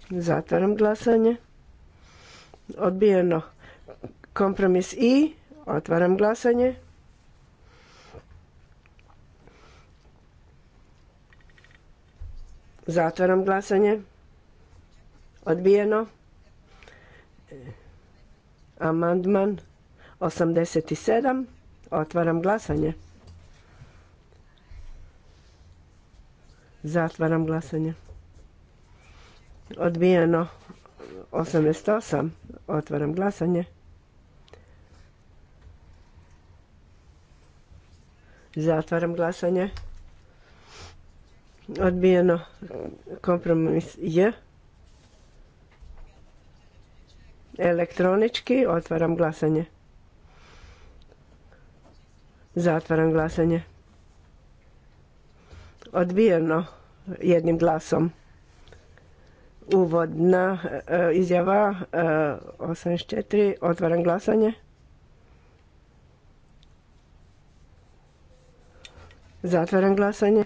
Zatvaram glasanje. Odbijeno. Kompromis I. Otvaram glasanje. Zatvaram glasanje. Odbijeno. Amandman 87. Otvaram glasanje. Zatvaram glasanje. Odbijeno 88. Otvaram glasanje. Zatvaram glasanje. Odbijeno kompromis J. Elektronički otvaram glasanje. Zatvaram glasanje odbijeno jednim glasom. Uvodna e, izjava 84. E, otvaram glasanje. Zatvaram glasanje.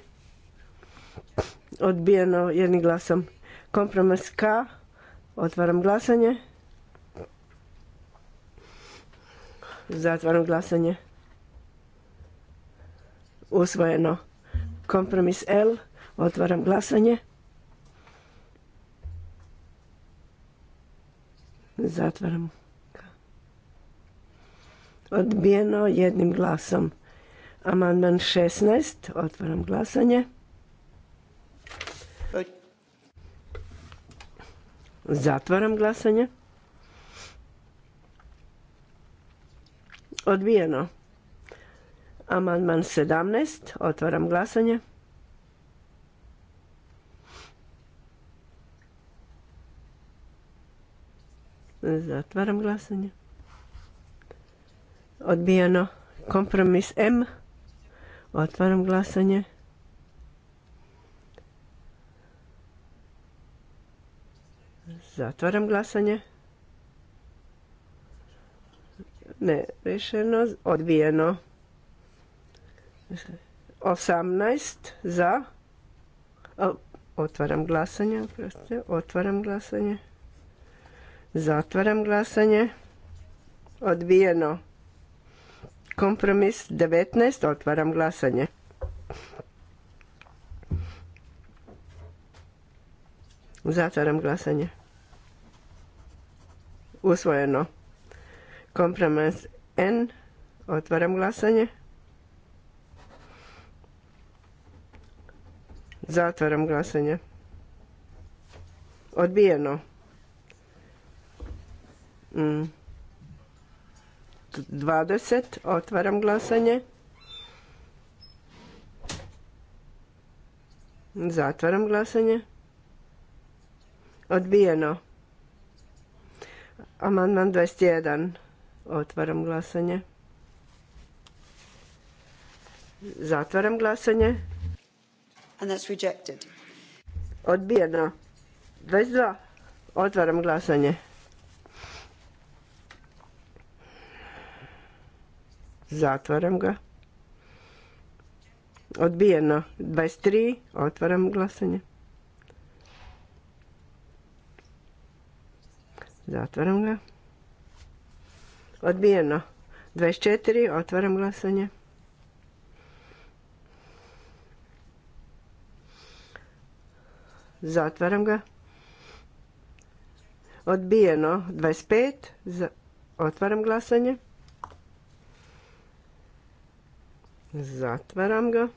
Odbijeno jednim glasom. Kompromis K. Otvaram glasanje. Zatvaram glasanje. Usvojeno. Kompromis L. Otvaram glasanje. Zatvaram. Odbijeno jednim glasom. Amandman 16. Otvaram glasanje. Zatvaram glasanje. Odbijeno. Amandman 17. Otvaram glasanje. Zatvaram glasanje. Odbijeno. Kompromis M. Otvaram glasanje. Zatvaram glasanje. Ne, rešeno, odbijeno. 18 za. Otvaram glasanje, Otvaram glasanje. Zatvaram glasanje. Odbijeno. Kompromis 19. Otvaram glasanje. Zatvaram glasanje. Usvojeno. Kompromis N. Otvaram glasanje. Zatvaram glasanje. Odbijeno. Mm. Dvadeset Otvaram glasanje. Zatvaram glasanje. Odbijeno. Amandman 21. Otvaram glasanje. Zatvaram glasanje and that's rejected. Odbijeno. 22. Otvaram glasanje. Zatvaram ga. Odbijeno. 23. Otvaram glasanje. Zatvaram ga. Odbijeno. 24. Otvaram glasanje. Zatvaram ga. Odbijeno 25. otvaram glasanje. Zatvaram ga.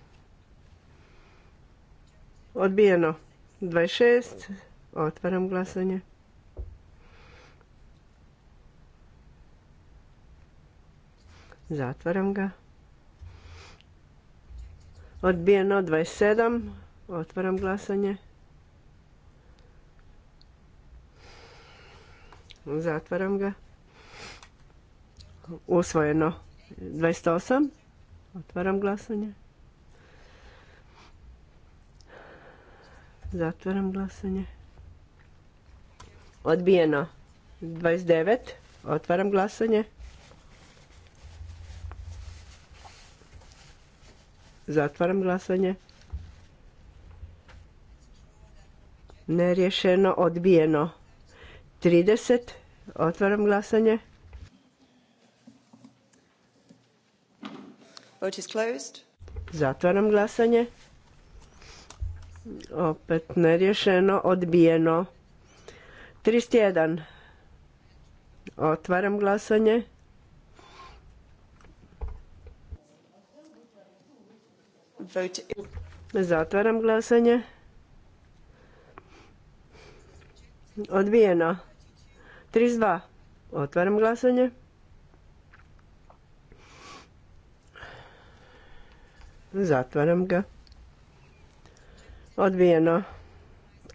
Odbijeno 26. Otvaram glasanje. Zatvaram ga. Odbijeno 27. Otvaram glasanje. Zatvaram ga. Usvojeno. 28. Otvaram glasanje. Zatvaram glasanje. Odbijeno. 29. Otvaram glasanje. Zatvaram glasanje. Nerješeno. Odbijeno. 30. Otvaram glasanje. Vote is Zatvaram glasanje. Opet nerješeno, odbijeno. 31. Otvaram glasanje. Zatvaram glasanje. Odbijeno. 32. Otvaram glasanje. Zatvaram ga. Odbijeno.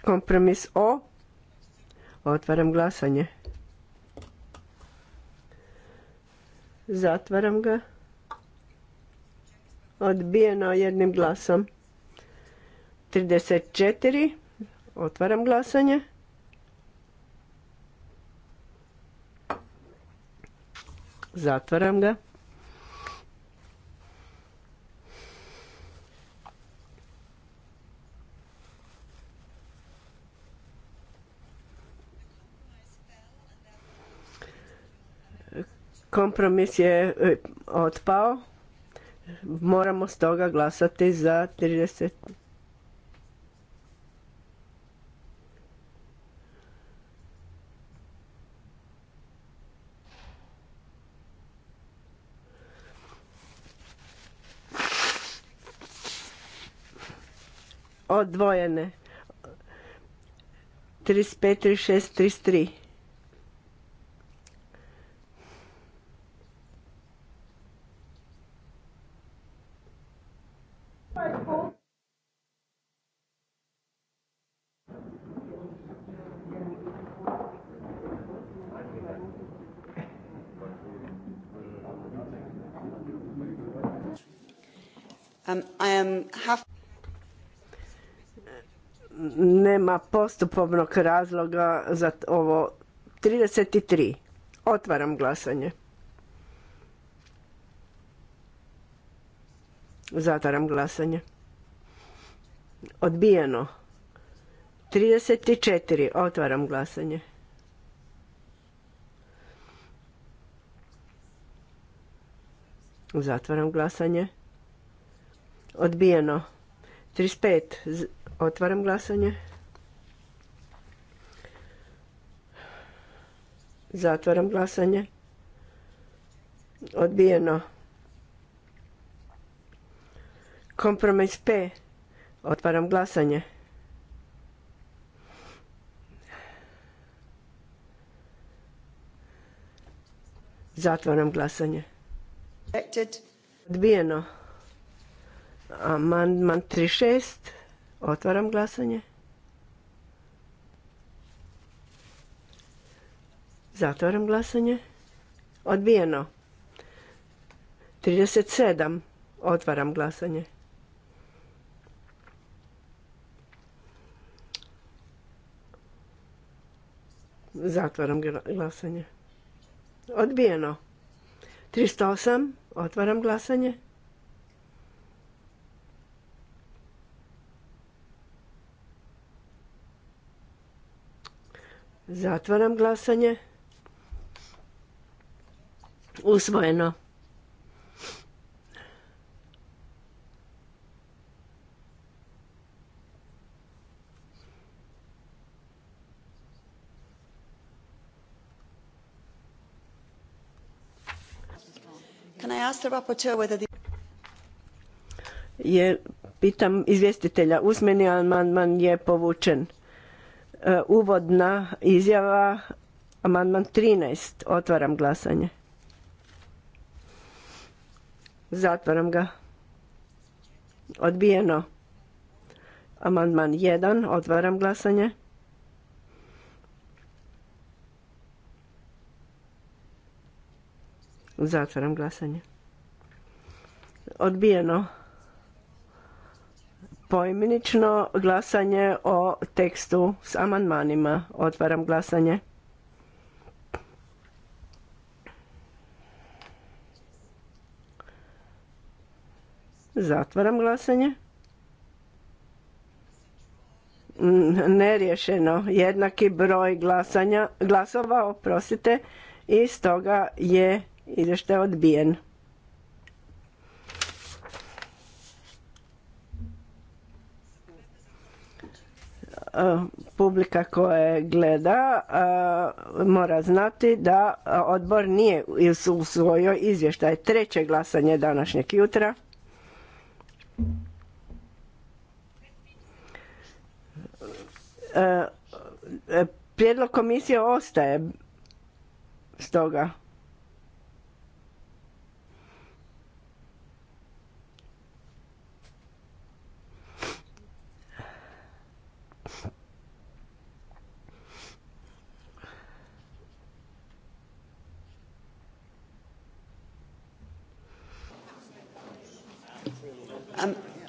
Kompromis O. Otvaram glasanje. Zatvaram ga. Odbijeno jednim glasom. 34. Otvaram glasanje. Zatvaram ga. Kompromis je e, otpao. Moramo stoga glasati za 30. odvojene. 35, 36, 33. postupovnog razloga za ovo 33. Otvaram glasanje. Zatvaram glasanje. Odbijeno. 34. Otvaram glasanje. Zatvaram glasanje. Odbijeno. 35. Otvaram glasanje. Zatvaram glasanje. Odbijeno. Kompromis P. Otvaram glasanje. Zatvaram glasanje. Odbijeno. Amandman 36. Otvaram glasanje. Zatvaram glasanje. Odbijeno. 37. Otvaram glasanje. Zatvaram glasanje. Odbijeno. 308. Otvaram glasanje. Zatvaram glasanje usvojeno. Can I ask the Je, pitam izvjestitelja, usmeni amandman je povučen. E, uvodna izjava, amandman 13, otvaram glasanje. Zatvaram ga. Odbijeno. Amandman 1. Otvaram glasanje. Zatvaram glasanje. Odbijeno. Poimenično glasanje o tekstu s amandmanima. Otvaram glasanje. Zatvaram glasanje. Neriješeno. Jednaki broj glasanja, glasova, oprostite, i stoga je izvještaj odbijen. E, publika koja gleda e, mora znati da odbor nije usvojio izvještaj treće glasanje današnjeg jutra. E, e, prijedlog komisije ostaje stoga.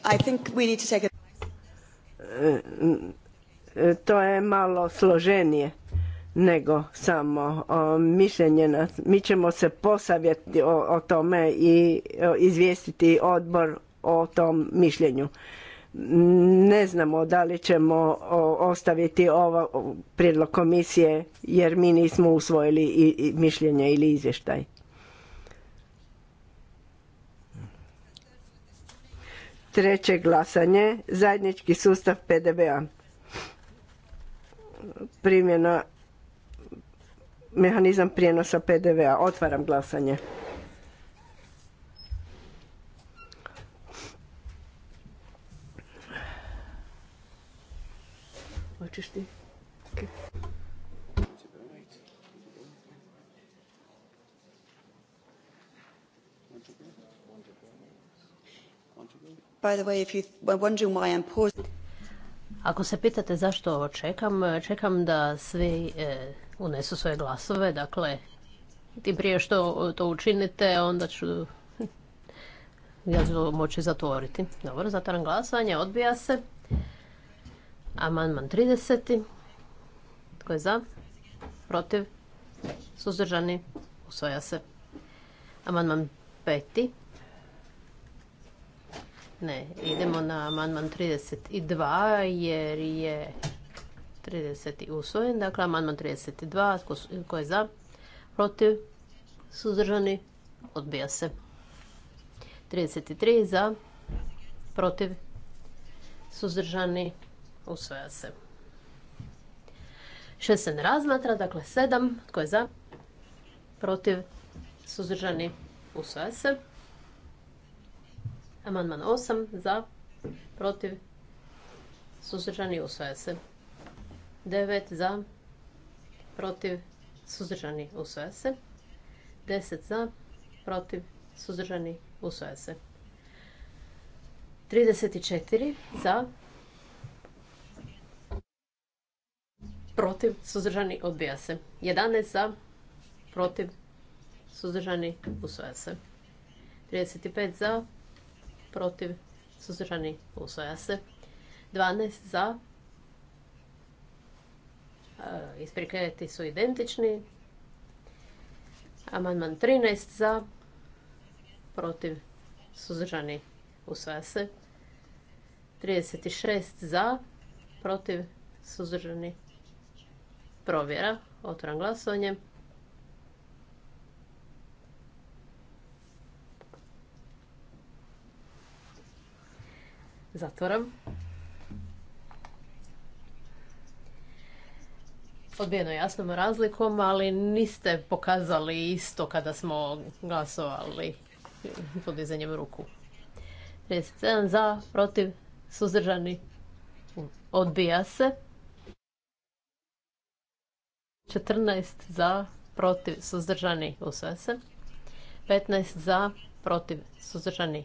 I e, e, to je malo složenije nego samo mišljenje. mi ćemo se posavjeti o, tome i izvijestiti odbor o tom mišljenju. Ne znamo da li ćemo ostaviti ovo prijedlog komisije jer mi nismo usvojili mišljenje ili izvještaj. Treće glasanje, zajednički sustav PDV-a. Primjena mehanizam prijenosa PDV-a. Otvaram glasanje. Hoćeš ti? Ako se pitate zašto ovo čekam, čekam da svi e, unesu svoje glasove, dakle, tim prije što to učinite, onda ću ja moći zatvoriti. Dobro, zatvaram glasovanje, odbija se. Amandman 30. Tko je za? Protiv? Suzdržani? Usvaja se. Amandman 5. Ne, idemo na amandman 32 jer je 30. usvojen. Dakle, amandman 32. Tko, je za? Protiv? Suzdržani? Odbija se. 33 za? Protiv? Suzdržani? usvoja se. Še se razmatra, dakle 7. Tko je za? Protiv? Suzdržani? usvoja se. Amandman 8 za, protiv, suzdržani usvaja se. 9 za, protiv, suzdržani usvaja se. 10 za, protiv, suzdržani usvaja se. 34 za, protiv, suzdržani odbija se. 11 za, protiv, suzdržani usvaja se. 35 za, protiv, suzdržani, usvaja se. 12 za, e, su identični. Amandman 13 za, protiv, suzdržani, usvaja se. 36 za, protiv, suzdržani, provjera. Otvoram glasovanje. Zatvoram. Odbijeno jasnom razlikom, ali niste pokazali isto kada smo glasovali podizanjem ruku. 37 za, protiv, suzdržani, odbija se. 14 za, protiv, suzdržani, usve se. 15 za, protiv, suzdržani,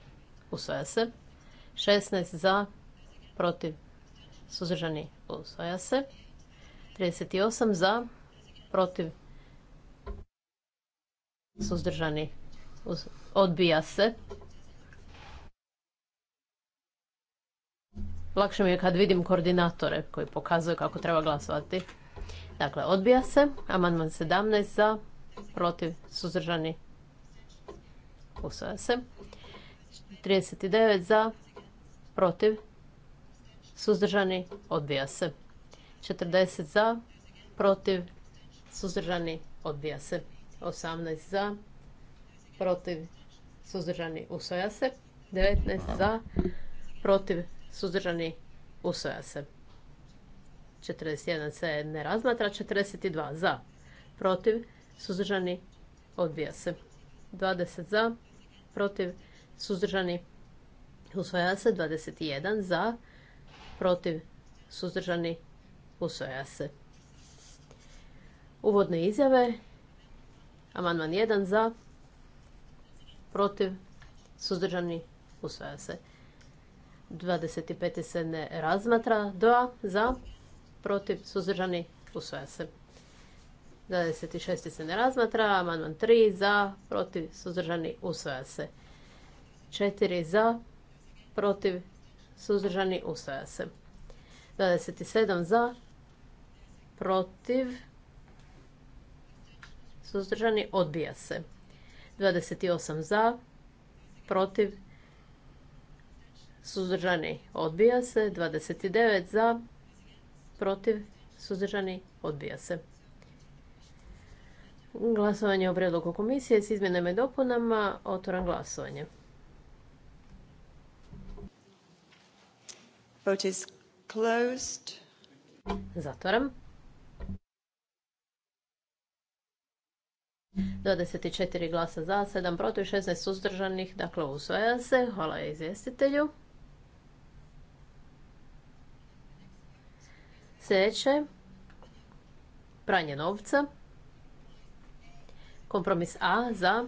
usve se. 16 za, protiv, suzdržani, usvaja se. 38 za, protiv, suzdržani, odbija se. Lakše mi je kad vidim koordinatore koji pokazuju kako treba glasovati. Dakle, odbija se. Amandman 17 za, protiv, suzdržani, usvaja se. 39 za, protiv, suzdržani, odbija se. 40 za, protiv, suzdržani, odbija se. 18 za, protiv, suzdržani, usvaja se. 19 za, protiv, suzdržani, usvaja se. 41 se ne razmatra, 42 za, protiv, suzdržani, odbija se. 20 za, protiv, suzdržani, usvaja se. 21 za, protiv, suzdržani, usvaja se. Uvodne izjave. Amandman 1 za, protiv, suzdržani, usvaja se. 25. se ne razmatra. 2 za, protiv, suzdržani, usvaja se. 26. se ne razmatra. Amandman 3 za, protiv, suzdržani, usvaja se. 4 za, protiv, suzdržani, usvaja se. 27 za, protiv, suzdržani, odbija se. 28 za, protiv, suzdržani, odbija se. 29 za, protiv, suzdržani, odbija se. Glasovanje o prijedlogu komisije s izmjenama i dopunama. Otvoram glasovanje. closed. Zatvaram. 24 glasa za, 7 protiv, 16 suzdržanih, dakle usvaja se. Hvala izvjestitelju. Sljedeće, pranje novca. Kompromis A za,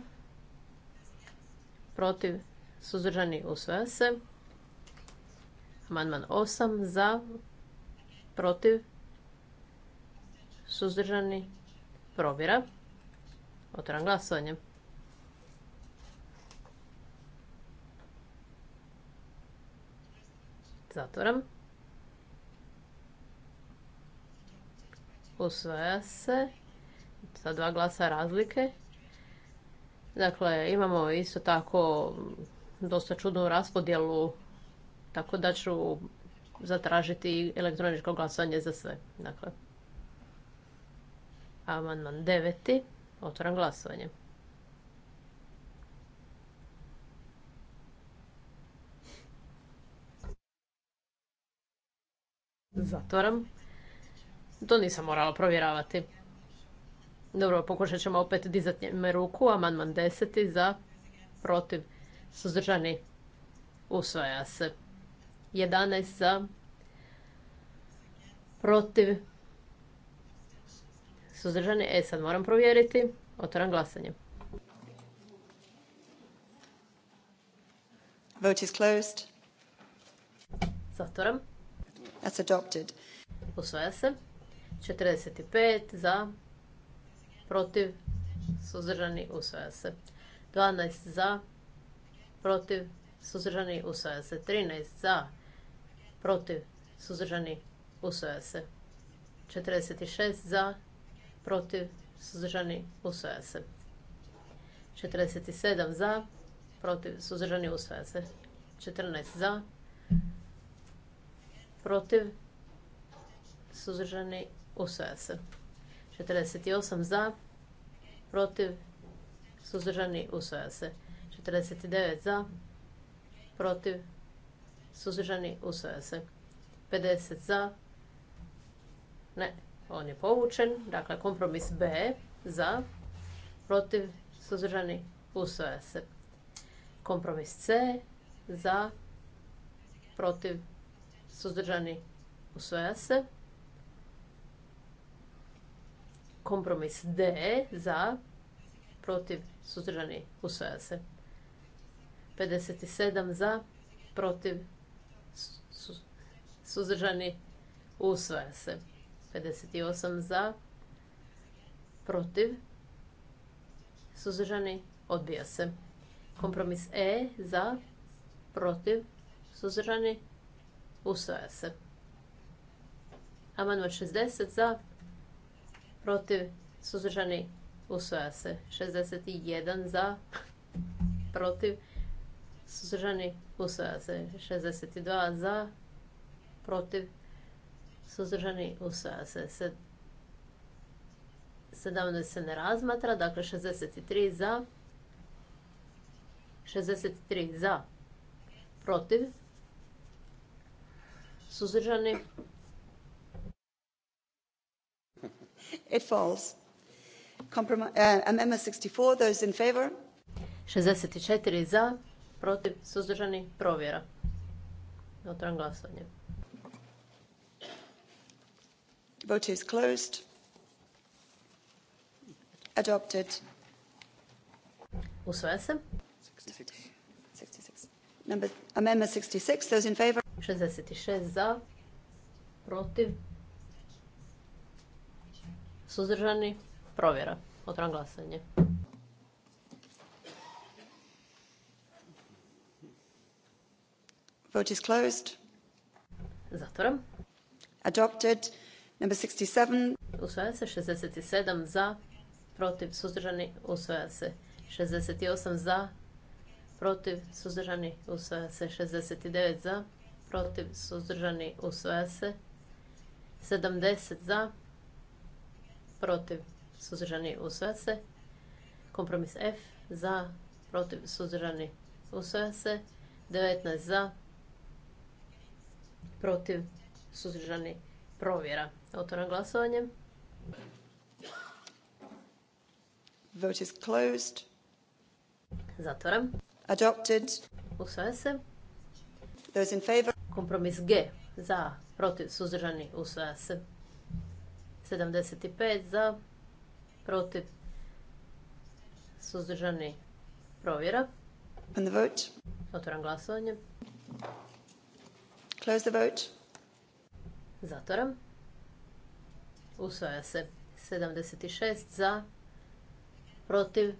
protiv, suzdržani, usvaja se. Amandman osam za, protiv, suzdržani, provjera. Otvaram glasovanje. Zatvoram. Usvaja se sa dva glasa razlike. Dakle, imamo isto tako dosta čudnu raspodjelu tako da ću zatražiti elektroničko glasanje za sve. Dakle, amandman deveti. Otvoram glasovanje. Zatvoram. To nisam morala provjeravati. Dobro, pokušat ćemo opet dizati ruku. Amandman deseti za protiv suzdržani usvaja se. 11 za, protiv, suzdržani. E sad moram provjeriti. Otvoram glasanje. Vote is closed. Zatvoram. That's adopted. Usvaja se. 45 za, protiv, suzdržani, usvaja se. 12 za, protiv, suzdržani, usvaja se. 13 za, protiv, suzdržani, usvaja se. 46 za, protiv, suzdržani, usvaja se. 47 za, protiv, suzdržani, usvaja se. 14 za, protiv, suzdržani, usvaja se. 48 za, protiv, suzdržani, usvaja se. 49 za, protiv, suzdržani, usvaja se. 50 za, ne, on je povučen, dakle kompromis B za, protiv, suzdržani, usvaja se. Kompromis C za, protiv, suzdržani, usvaja se. Kompromis D za, protiv, suzdržani, usvaja se. 57 za, protiv, su, suzdržani usvaja se. 58 za, protiv, suzdržani odbija se. Kompromis E za, protiv, suzdržani usvaja se. Amandman 60 za, protiv, suzdržani usvaja se. 61 za, protiv, suzdržani, usvaja se. 62 za, protiv, suzdržani, usvaja se. 17 se ne razmatra, dakle 63 za, 63 za, protiv, suzdržani. It falls. Compromise, uh, amendment 64, those in favor? 64 za, protiv, suzdržani, provjera. Otvaram glasovanje. Vote is closed. Adopted. Usvaja se. 66. 66. Number, amendment 66, those in favor. 66 za, protiv, suzdržani, provjera. Otvaram glasanje. Vote is closed. Zatvoram. Adopted. Number 67. Usvaja se 67 za, protiv, suzdržani, usvaja se 68 za, protiv, suzdržani, usvaja se 69 za, protiv, suzdržani, usvaja se 70 za, protiv, suzdržani, usvaja se. Kompromis F za, protiv, suzdržani, usvaja se. 19 za, protiv, suzdržani, provjera. Otvoram glasovanje. Vote is closed. Zatvoram. Adopted. Usvaja se. Those in favor. Kompromis G. Za, protiv, suzdržani, usvaja se. 75 za, protiv, suzdržani, provjera. And the vote. glasovanje. Close the vote. Usvaja se 76 za, protiv,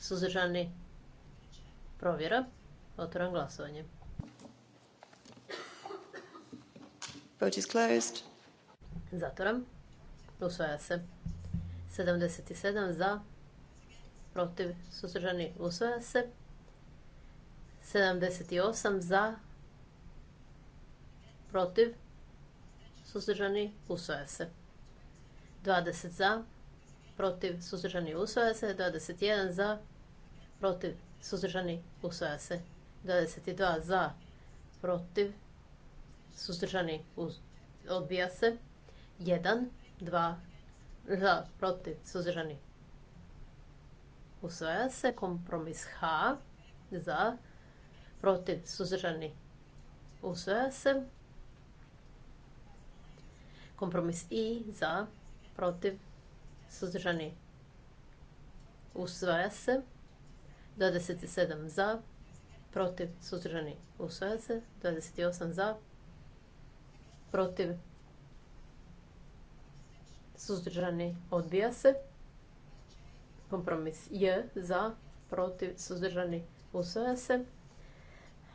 suzdržani, provjera. Otvoram glasovanje. Vote is closed. Zatvoram. Usvaja se. 77 za, protiv, suzdržani, usvaja se. 78 za, protiv, suzdržani, usvaja se. 20 za, protiv, suzdržani, usvaja se. 21 za, protiv, suzdržani, usvaja se. 22 za, protiv, suzdržani, odbija se. 1, 2, za, protiv, suzdržani, usvaja se. Kompromis H za, protiv, suzdržani, usvaja se. Kompromis i za, protiv, suzdržani, usvaja se. 27 za, protiv, suzdržani, u se. 28 za, protiv, suzdržani, odbija se. Kompromis je za, protiv, suzdržani, usvaja se.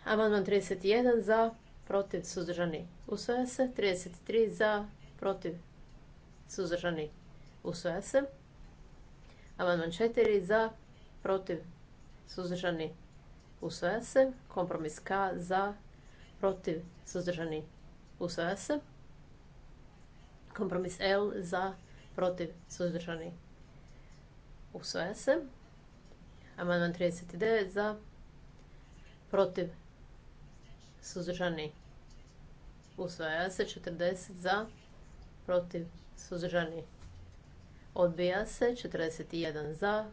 Amandman 31 za, protiv, suzdržani, usvaja se. 33 za, protiv, suzdržani, usvaja se. Amandman 4 za, protiv, suzdržani, usvaja se. Kompromis K za, protiv, suzdržani, usvaja se. Kompromis L za, protiv, suzdržani, usvaja se. Amandman 39 za, protiv, suzdržani usvaja se 40 za protiv suzdržani odbija se 41 za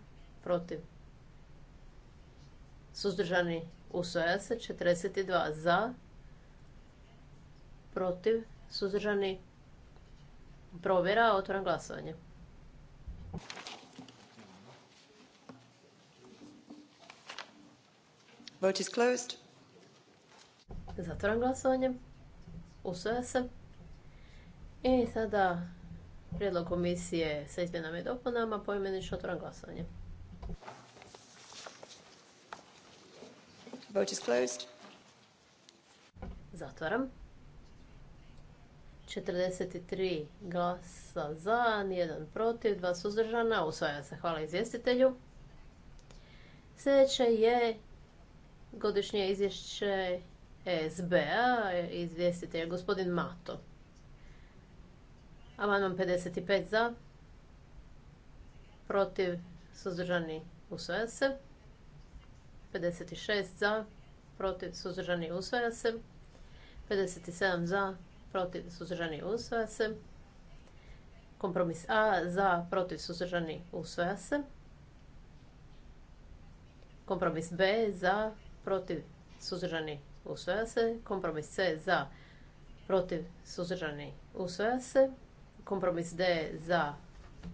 protiv suzdržani usvaja se 42 za protiv suzdržani provjera otvaram glasovanje Vote is closed. Zatvoram glasovanje. Usvaja se. I sada prijedlog komisije sa izmjenama i dopunama poimenično otvoram glasovanje. Vote closed. Zatvaram. 43 glasa za, nijedan protiv, dva suzdržana. Usvaja se. Hvala izvjestitelju. Sljedeće je godišnje izvješće SBA, je gospodin Mato. Amandman 55 za, protiv, suzdržani, usvaja se. 56 za, protiv, suzdržani, usvaja se. 57 za, protiv, suzdržani, usvaja se. Kompromis A za, protiv, suzdržani, usvaja se. Kompromis B za, protiv, suzdržani, usvaja se. Kompromis C za, protiv, suzdržani, usvaja se. Kompromis D za,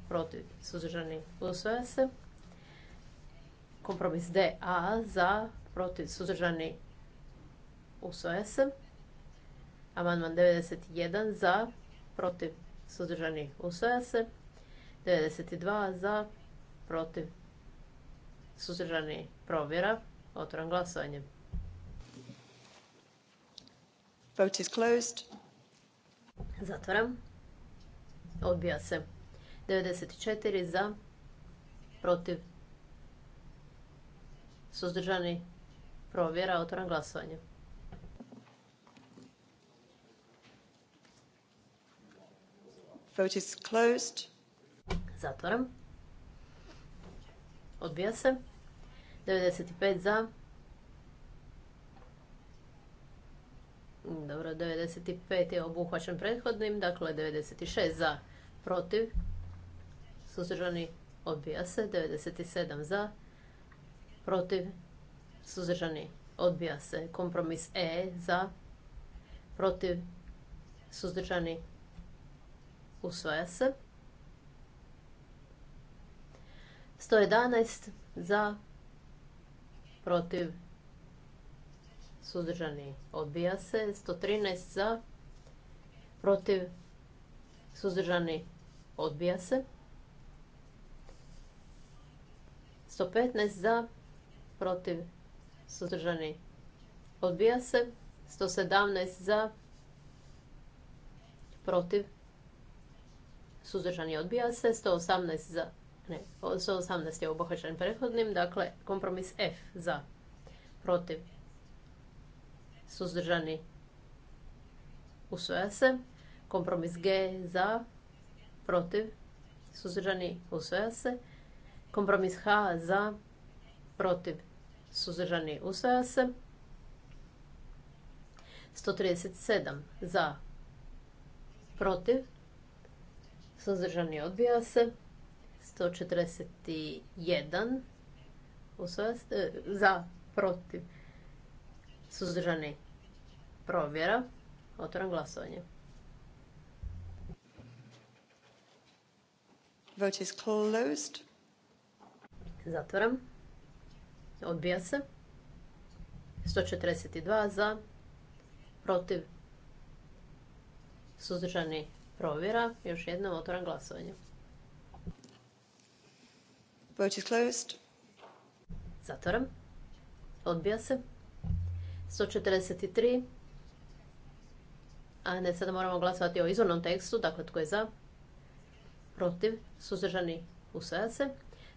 protiv, suzdržani, usvaja se. Kompromis D za, protiv, suzdržani, usvaja se. Amandman 91 za, protiv, suzdržani, usvaja se. 92 za, protiv, suzdržani, provjera. Otvoram glasovanje. Vote is closed. Zatvaram. Odbija se. 94 za, protiv, suzdržani, provjera, otvoram glasovanje. Vote is closed. Zatvaram. Odbija se. 95 za, Dobro, 95 je obuhvaćen prethodnim, dakle 96 za, protiv, suzdržani odbija se, 97 za, protiv, suzdržani odbija se, kompromis E za, protiv, suzdržani usvaja se, 111 za, protiv, suzdržani odbija se. 113 za, protiv, suzdržani odbija se. 115 za, protiv, suzdržani odbija se. 117 za, protiv, suzdržani odbija se. 118 za, ne, 118 je obuhvaćen prethodnim, dakle kompromis F za, protiv, suzdržani, usvaja se. Kompromis G za, protiv, suzdržani, usvaja se. Kompromis H za, protiv, suzdržani, usvaja se. 137 za, protiv, suzdržani, odbija se. 141 eh, za, protiv, Suzdržani? Provjera. Otvoram glasovanje. Vote is closed. Zatvoram. Odbija se. 142 za. Protiv. Suzdržani provjera. Još jednom otvoram glasovanje. Vote is closed. Zatvoram. Odbija se. 143. A ne, sada moramo glasovati o izvornom tekstu. Dakle, tko je za? Protiv? Suzdržani? Usvaja se.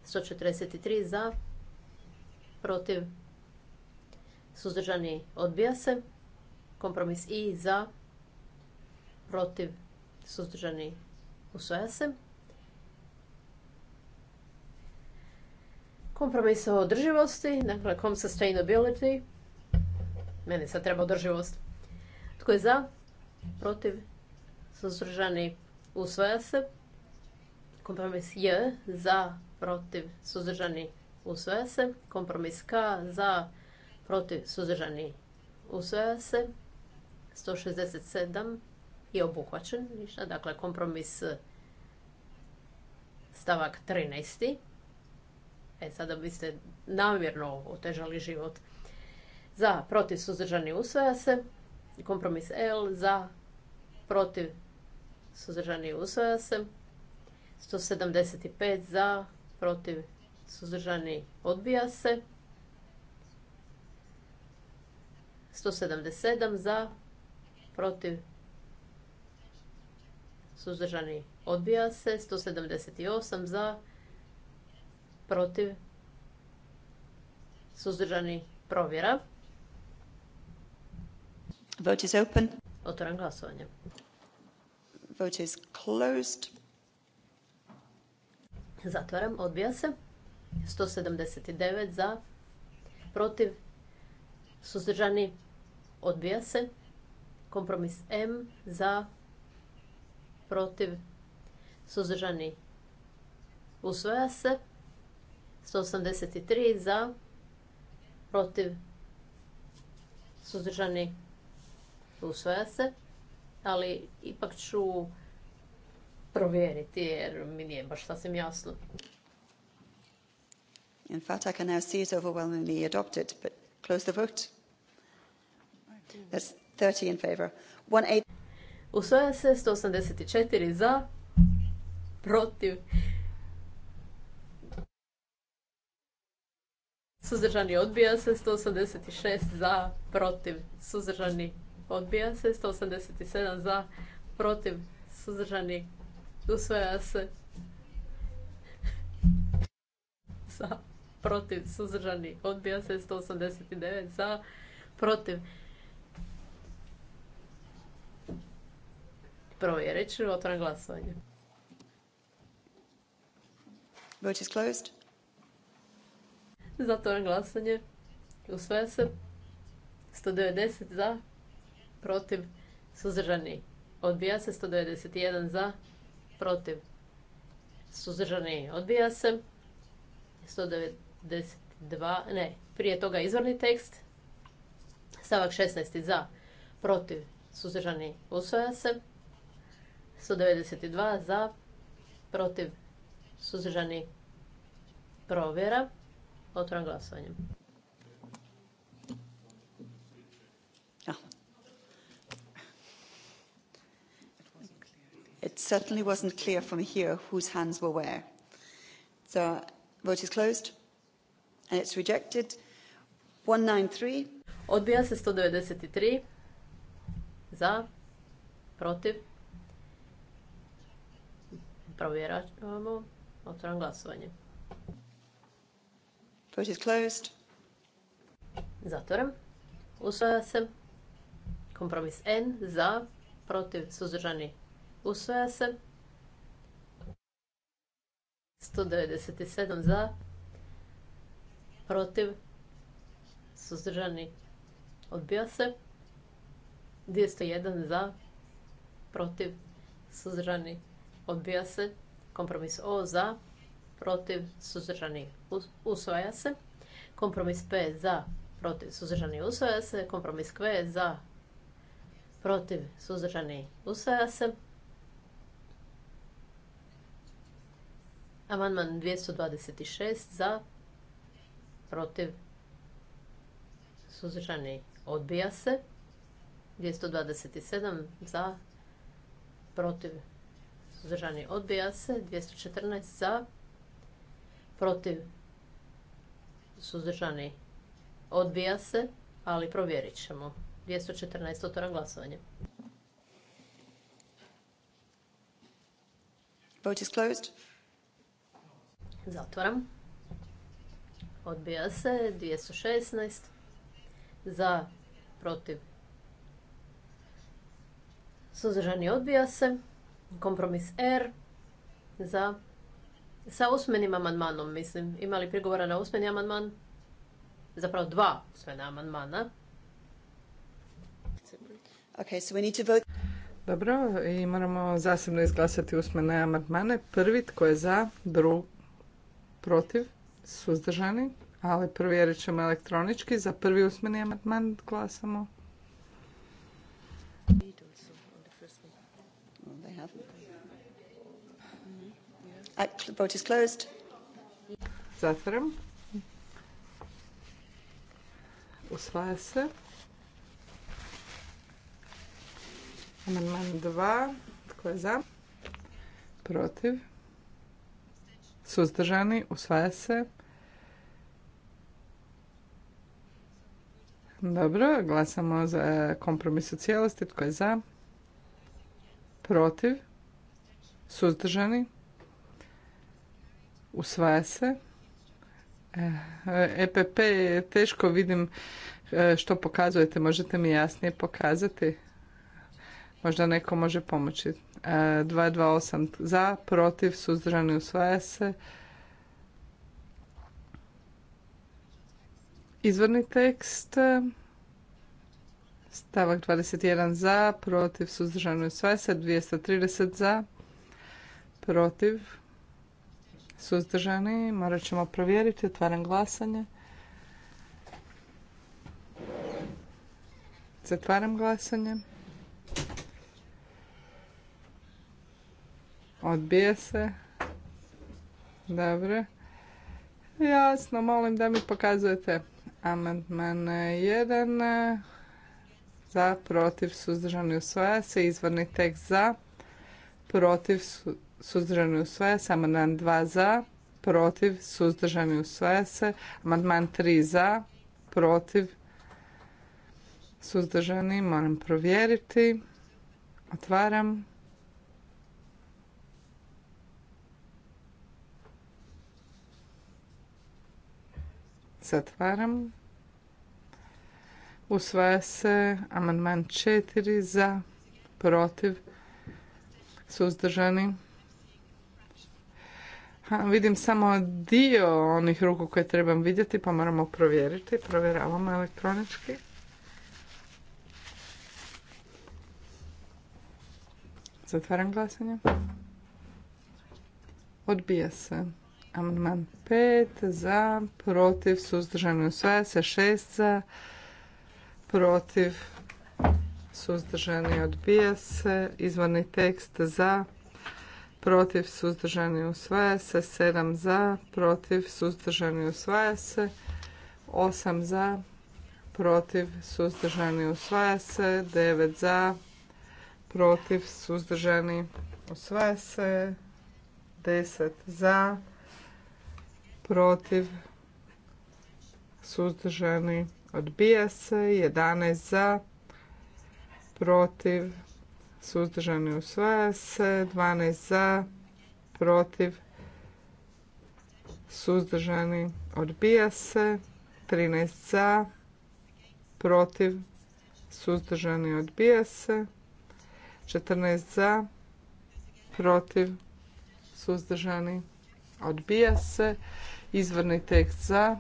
143 za? Protiv? Suzdržani? Odbija se. Kompromis I za? Protiv? Suzdržani? Usvaja se. Kompromis o održivosti, dakle, com sustainability. Meni sad treba održivost. Tko je za? Protiv? Suzdržani? Usvaja se. Kompromis J za, protiv, suzdržani, usvaja se. Kompromis K za, protiv, suzdržani, usvaja se. 167 je obuhvaćen, ništa. Dakle, kompromis stavak 13. E, sada biste namjerno otežali život za, protiv, suzdržani, usvaja se. Kompromis L za, protiv, suzdržani, usvaja se. 175 za, protiv, suzdržani, odbija se. 177 za, protiv, suzdržani, odbija se. 178 za, protiv, suzdržani, provjera. Vote is open. Otvaram glasovanje. Vote is closed. Zatvaram, odbija se. 179 za, protiv, suzdržani, odbija se. Kompromis M za, protiv, suzdržani, usvoja se. 183 za, protiv, suzdržani, usvaja se, ali ipak ću provjeriti jer mi nije baš sasvim jasno. In fact, I can now see it's overwhelmingly adopted, but close the vote. That's 30 in favor. One eight... Usvaja se 184 za, protiv, Suzdržani odbija se 186 za, protiv, suzdržani odbija se, 187 za, protiv, suzdržani, usvaja se, za, protiv, suzdržani, odbija se, 189 za, protiv. Prvo je reći. otvoram glasovanje. Vote is closed. Zatvoram glasanje. Usvaja se. 190 za, protiv, suzdržani. Odbija se 191 za, protiv, suzdržani. Odbija se 192, ne, prije toga izvorni tekst. Stavak 16 za, protiv, suzdržani. usvoja se 192 za, protiv, suzdržani. Provjera. Otvoram glasovanje. Ah. It certainly wasn't clear from here whose hands were where. So, vote is closed and it's rejected. 193. Odbija se 193. Za. Protiv. Provjeravamo. Otvoram glasovanje. Vote is closed. Zatvoram. Usvaja se. Kompromis N. Za. Protiv. Suzdržani. Usvaja se. 197 za. Protiv. Suzdržani. Odbija se. 201 za. Protiv. Suzdržani. Odbija se. Kompromis O za. Protiv. Suzdržani. Usvaja se. Kompromis P za. Protiv. Suzdržani. Usvaja se. Kompromis Q za. Protiv. Suzdržani. Usvaja se. Amandman 226 za, protiv, suzdržani odbija se. 227 za, protiv, suzdržani odbija se. 214 za, protiv, suzdržani odbija se, ali provjerit ćemo. 214 otvoram glasovanje. Vote is closed. Zatvaram. Odbija se. 216. Za. Protiv. Suzdržani odbija se. Kompromis R. Za. Sa usmenim amandmanom, mislim. Ima li prigovora na usmeni amandman? Zapravo dva usmena amandmana. so we need to vote. Dobro, i moramo zasebno izglasati usmene amandmane. Prvi, tko je za, drug, protiv, suzdržani, ali provjerit ćemo elektronički. Za prvi usmeni amandman glasamo. Zatvaram. Usvaja se. Amandman 2. Tko je za? Protiv. Suzdržani? Usvaja se. Dobro, glasamo za kompromis u cijelosti. Tko je za? Protiv? Suzdržani? Usvaja se. EPP e je teško vidim e, što pokazujete. Možete mi jasnije pokazati? Možda neko može pomoći. 228 e, za, protiv, suzdržani usvaja se. Izvorni tekst. Stavak 21 za, protiv, suzdržani usvaja se. 230 za, protiv, suzdržani. Morat ćemo provjeriti, otvaram glasanje. Zatvaram glasanje. Odbije se. Dobro. Jasno, molim da mi pokazujete amandman 1. E, za, protiv, suzdržani usvaja se. Izvorni tekst za, protiv, suzdržani usvaja se. Amandman 2 za, protiv, suzdržani usvaja se. Amandman 3 za, protiv, suzdržani. Moram provjeriti. Otvaram. Zatvaram. Usvaja se amandman četiri za, protiv, suzdržani. Ha, vidim samo dio onih ruku koje trebam vidjeti pa moramo provjeriti. Provjeravamo elektronički. Zatvaram glasanje. Odbija se. Amandman 5 za, protiv, suzdržani usvaja se. 6 za, protiv, suzdržani odbija se. Izvorni tekst za, protiv, suzdržani usvaja se. 7 za, protiv, suzdržani usvaja se. 8 za, protiv, suzdržani usvaja se. 9 za, protiv, suzdržani usvaja se. 10 za, protiv, protiv, suzdržani, odbija se, 11 za, protiv, suzdržani, usvaja se, 12 za, protiv, suzdržani, odbija se, 13 za, protiv, suzdržani, odbija se, 14 za, protiv, suzdržani, odbija se, Izvorni tekst za,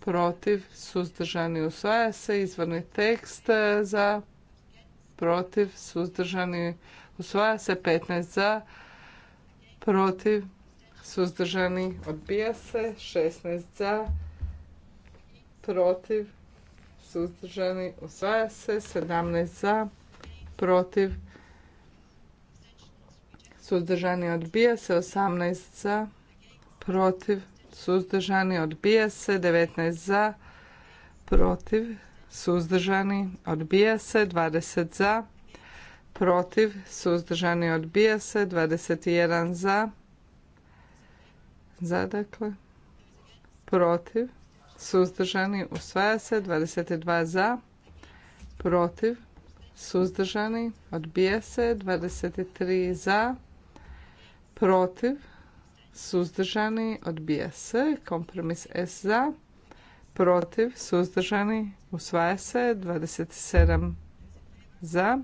protiv, suzdržani usvaja se. Izvorni tekst e, za, protiv, suzdržani usvaja se. 15 za, protiv, suzdržani odbija se. 16 za, protiv, suzdržani usvaja se. 17 za, protiv, suzdržani odbija se. 18 za, protiv, suzdržani, odbija se. 19 za, protiv, suzdržani, odbija se. 20 za, protiv, suzdržani, odbija se. 21 za, za dakle, protiv, suzdržani, usvaja se. 22 za, protiv, suzdržani, odbija se. 23 za, protiv, suzdržani, odbija se. Kompromis S za, protiv, suzdržani, usvaja se. 27 za.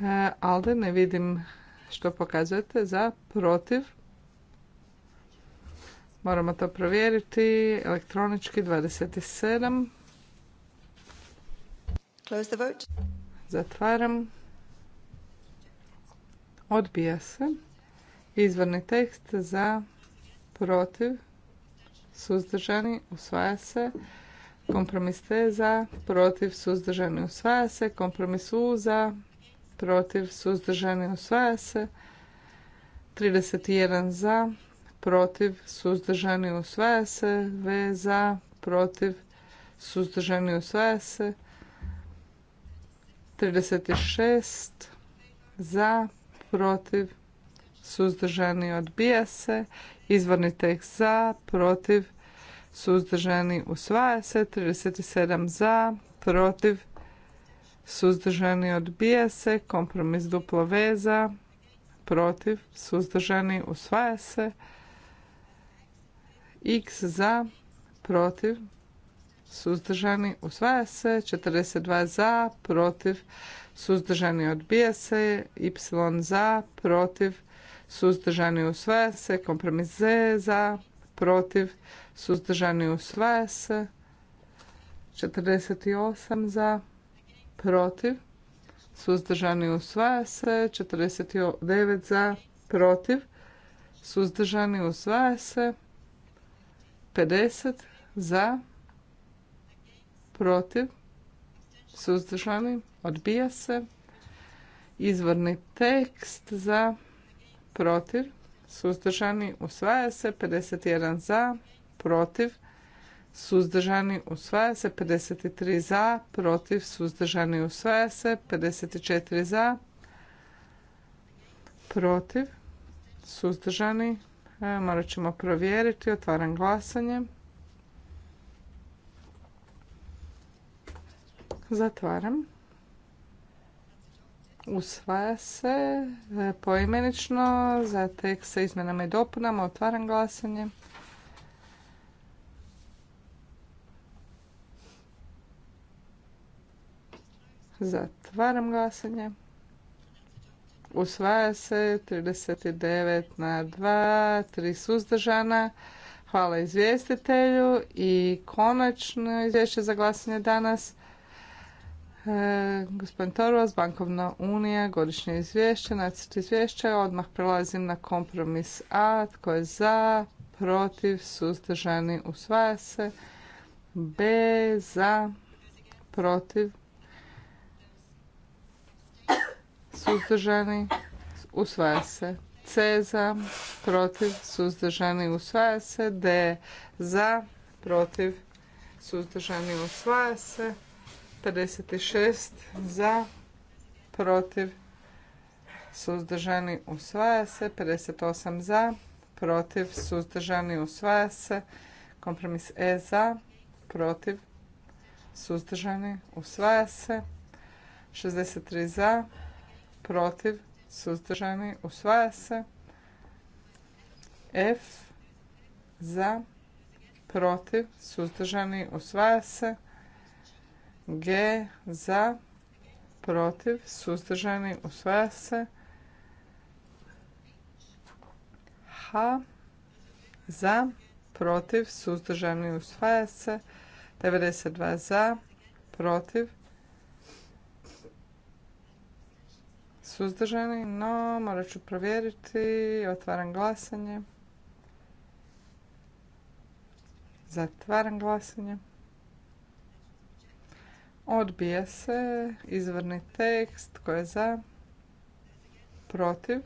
E, Alde, ne vidim što pokazujete. Za, protiv. Moramo to provjeriti. Elektronički 27. Close the vote. Zatvaram. Odbija se. Izvorni tekst za, protiv, suzdržani, usvaja se. Kompromis za, protiv, suzdržani, usvaja se. Kompromis za, protiv, suzdržani, usvaja se. 31 za, protiv, suzdržani, usvaja se. V za, protiv, suzdržani, usvaja se. 36 za, protiv, suzdržani, odbija se. Izvorni tekst za, protiv, suzdržani, usvaja se. 37 za, protiv, suzdržani, odbija se. Kompromis duplo veza, protiv, suzdržani, usvaja se. X za, protiv, suzdržani, usvaja se. 42 za, protiv, suzdržani odbija se, y za, protiv, suzdržani usvaja se, kompromis z za, protiv, suzdržani usvaja se, 48 za, protiv, suzdržani usvaja se, 49 za, protiv, suzdržani usvaja se, 50 za, protiv, suzdržani Odbija se. Izvorni tekst za protiv. Suzdržani usvaja se. 51 za protiv. Suzdržani usvaja se. 53 za protiv. Suzdržani usvaja se. 54 za protiv. Suzdržani. E, morat ćemo provjeriti. Otvaram glasanje. Zatvaram. Usvaja se e, poimenično za tekst sa izmenama i dopunama. Otvaram glasanje. Zatvaram glasanje. Usvaja se 39 na 2, 3 suzdržana. Hvala izvjestitelju i konačno izvješće za glasanje danas. E, gospodin Torvas, Bankovna unija, godišnje izvješće, nacrt izvješća. Odmah prelazim na kompromis A. Tko je za, protiv, suzdržani, usvaja se. B. Za, protiv, suzdržani, usvaja se. C. Za, protiv, suzdržani, usvaja se. D. Za, protiv, suzdržani, usvaja se. 56 za, protiv, suzdržani, usvaja se. 58 za, protiv, suzdržani, usvaja se. Kompromis E za, protiv, suzdržani, usvaja se. 63 za, protiv, suzdržani, usvaja se. F za, protiv, suzdržani, usvaja se. G za, protiv, suzdržani, usvaja se. H za, protiv, suzdržani, usvaja se. 92 za, protiv, suzdržani, no morat ću provjeriti, otvaram glasanje. Zatvaram glasanje. Odbija se izvorni tekst. Tko je za? Protiv?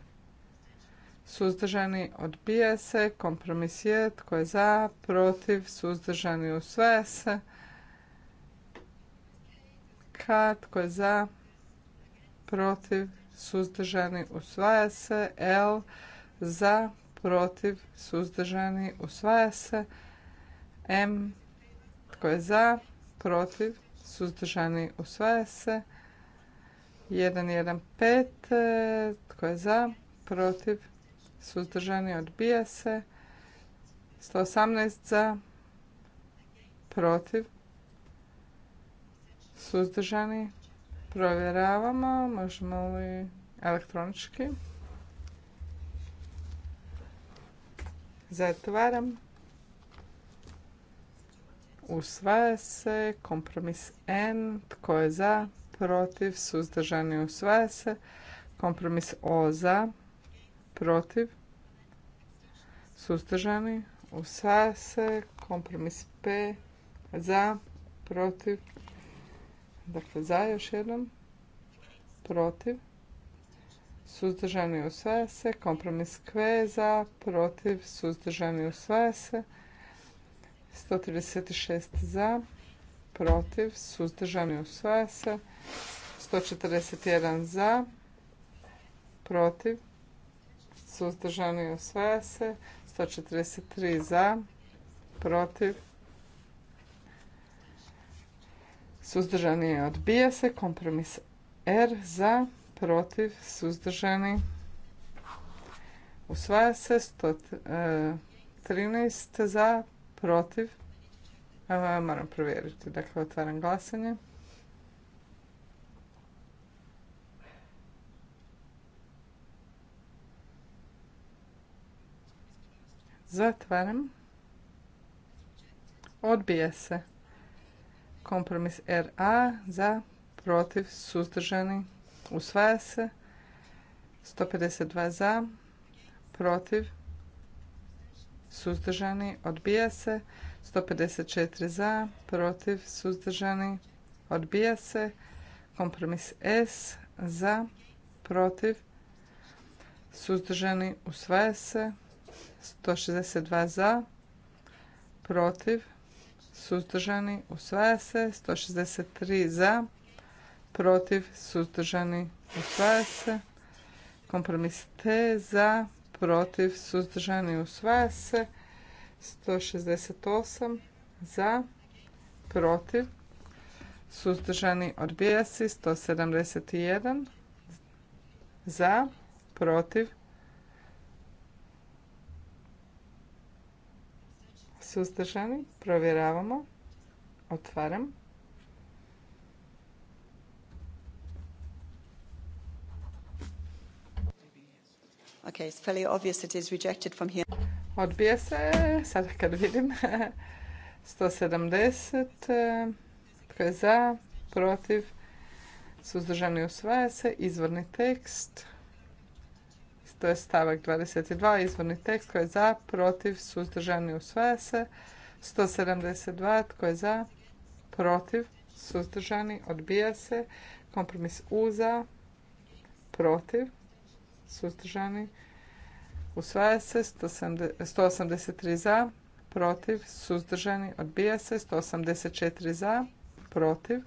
Suzdržani odbija se. Kompromis je. Tko je za? Protiv? Suzdržani usvaja se. kat Tko je za? Protiv? Suzdržani usvaja se. L. Za? Protiv? Suzdržani usvaja se. M. Tko je za? Protiv? suzdržani, usvaja se. 115, tko je za, protiv, suzdržani, odbija se. 118 za, protiv, suzdržani, provjeravamo, možemo li elektronički. Zatvaram usvaja se. Kompromis N, tko je za, protiv, suzdržani, usvaja se. Kompromis O za, protiv, suzdržani, usvaja se. Kompromis P za, protiv, dakle za još jednom, protiv, suzdržani, usvaja se. Kompromis Q za, protiv, suzdržani, usvaja se. 136 za, protiv, suzdržani usvaja se. 141 za, protiv, suzdržani usvaja se. 143 za, protiv, suzdržani odbija se. Kompromis R za, protiv, suzdržani usvaja se. 113 e, za, protiv, moram provjeriti, dakle otvaram glasanje. Zatvaram. Odbije se. Kompromis RA za, protiv, suzdržani. Usvaja se. 152 za, protiv, suzdržani, odbija se. 154 za, protiv, suzdržani, odbija se. Kompromis S za, protiv, suzdržani, usvaja se. 162 za, protiv, suzdržani, usvaja se. 163 za, protiv, suzdržani, usvaja se. Kompromis T za, protiv, suzdržani, usvaja se. 168 za, protiv, suzdržani, odbija se. 171 za, protiv, suzdržani, provjeravamo, otvaram. Okay, it's fairly obvious it is rejected from here. Odbija se, sada kad vidim. 170, tko je za, protiv, suzdržani usvaja se, izvorni tekst, to je stavak 22, izvorni tekst, tko je za, protiv, suzdržani usvaja se, 172, tko je za, protiv, suzdržani, odbija se, kompromis uza, protiv, suzdržani, usvaja se 183 za, protiv, suzdržani, odbija se 184 za, protiv,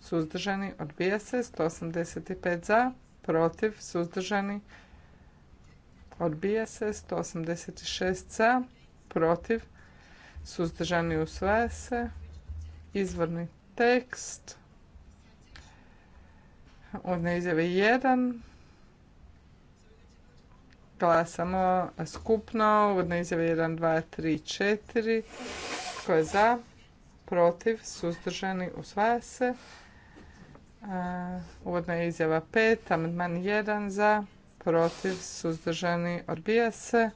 suzdržani, odbija se 185 za, protiv, suzdržani, odbija se 186 za, protiv, suzdržani, usvaja se izvorni tekst. Odne izjave 1, Glasamo skupno, uvodne izjava 1, 2, 3, 4. Tko je za? Protiv? Suzdržani? Usvaja se. Uvodna izjava 5, amandman 1 za, protiv, suzdržani, odbija se.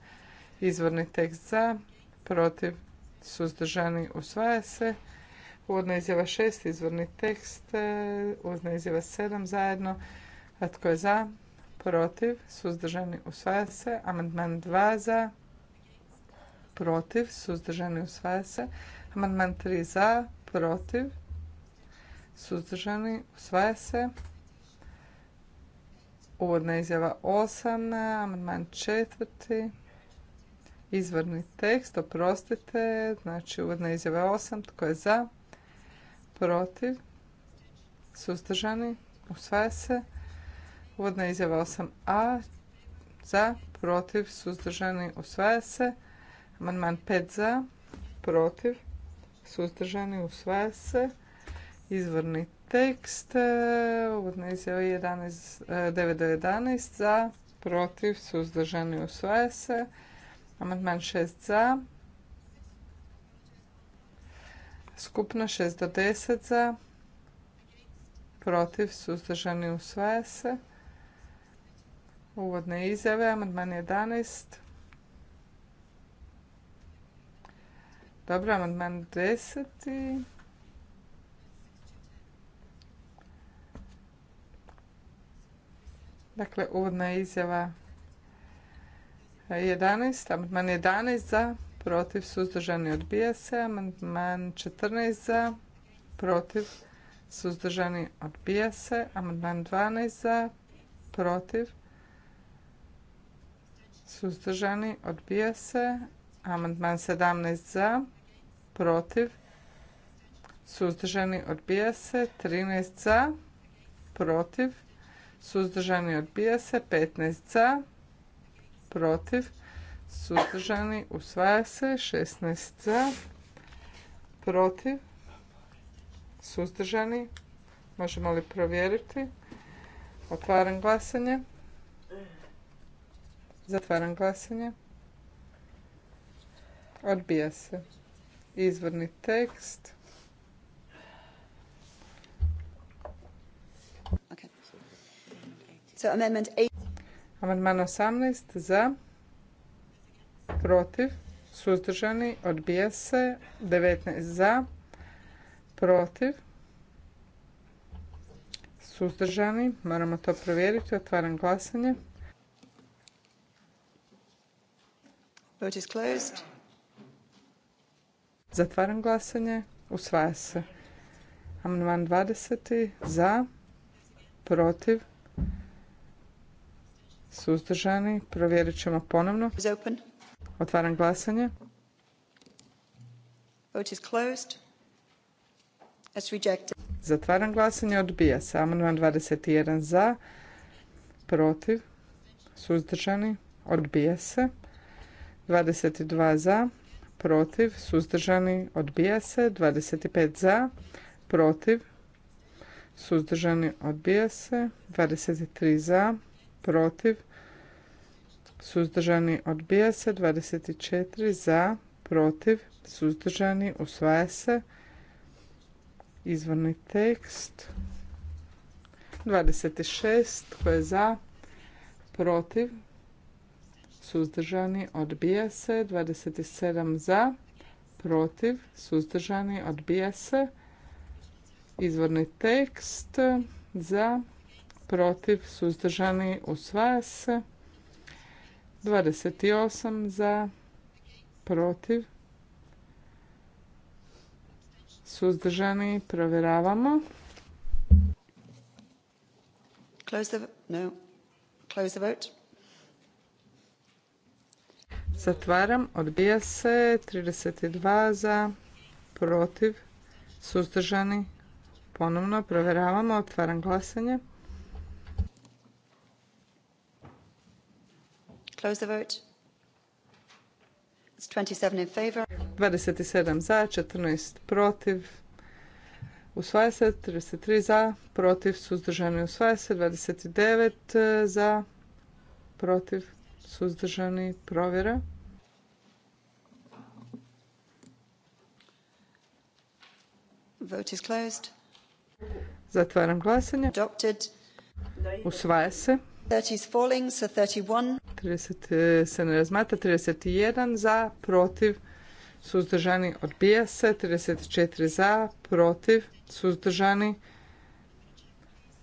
Izvorni tekst za, protiv, suzdržani, usvaja se. Uvodna izjava 6, izvorni tekst, e, uvodna izjava 7 zajedno. A tko je za, protiv, suzdržani, usvaja se. Amandman 2 za, protiv, suzdržani, usvaja se. Amandman 3 za, protiv, suzdržani, usvaja se. Uvodna izjava 8, amandman 4. Izvorni tekst, oprostite, znači uvodna izjava 8, tko je za, protiv, suzdržani, usvaja se. Uvodna izjava 8a za, protiv, suzdržani, usvaja se. Amandman 5 za, protiv, suzdržani, usvaja se. Izvorni tekst, e, uvodna izjava 11, e, za, protiv, suzdržani, usvaja se. Amandman 6 za, skupno 6 do 10 za, protiv, suzdržani, usvaja se. Uvodne izjave, amandman 11. Dobro, amandman 10. Dakle, uvodna izjava 11. Amandman 11 za, protiv, suzdržani odbija se. Amandman 14 za, protiv, suzdržani odbija se. Amandman 12 za, protiv, suzdržani, odbija se. Amandman 17 za, protiv, suzdržani, odbija se. 13 za, protiv, suzdržani, odbija se. 15 za, protiv, suzdržani, usvaja se. 16 za, protiv, suzdržani, možemo li provjeriti. Otvaram glasanje. Zatvaram glasanje. Odbija se. Izvorni tekst. So, amendment Amandman 18 za, protiv, suzdržani, odbija se, 19 za, protiv, suzdržani, moramo to provjeriti, otvaram glasanje. Vote is closed. Zatvaram glasanje. Usvaja se. Amandman 20. Za. Protiv. Suzdržani. Provjerit ćemo ponovno. Otvaram glasanje. Vote closed. Zatvaram glasanje. Odbija se. Amandman 21. Za. Protiv. Suzdržani. Odbija se. 22 za, protiv, suzdržani, odbija se. 25 za, protiv, suzdržani, odbija se. 23 za, protiv, suzdržani, odbija se. 24 za, protiv, suzdržani, usvaja se. Izvorni tekst. 26 koje je za, protiv, suzdržani, odbija se. 27 za, protiv, suzdržani, odbija se. Izvorni tekst za, protiv, suzdržani, usvaja se. 28 za, protiv, suzdržani, provjeravamo. Close no. Close vote. Zatvaram, odbija se. 32 za, protiv, suzdržani. Ponovno provjeravamo, otvaram glasanje. Close the vote. 27 in favor. 27 za, 14 protiv. Usvaja se 33 za, protiv, suzdržani usvaja se 29 za, protiv, suzdržani provjera. Vote is closed. Zatvaram glasanje. Adopted. Usvaja se. 30 is falling, so 31. 30 e, se ne 31 za, protiv, suzdržani, odbija se, 34 za, protiv, suzdržani,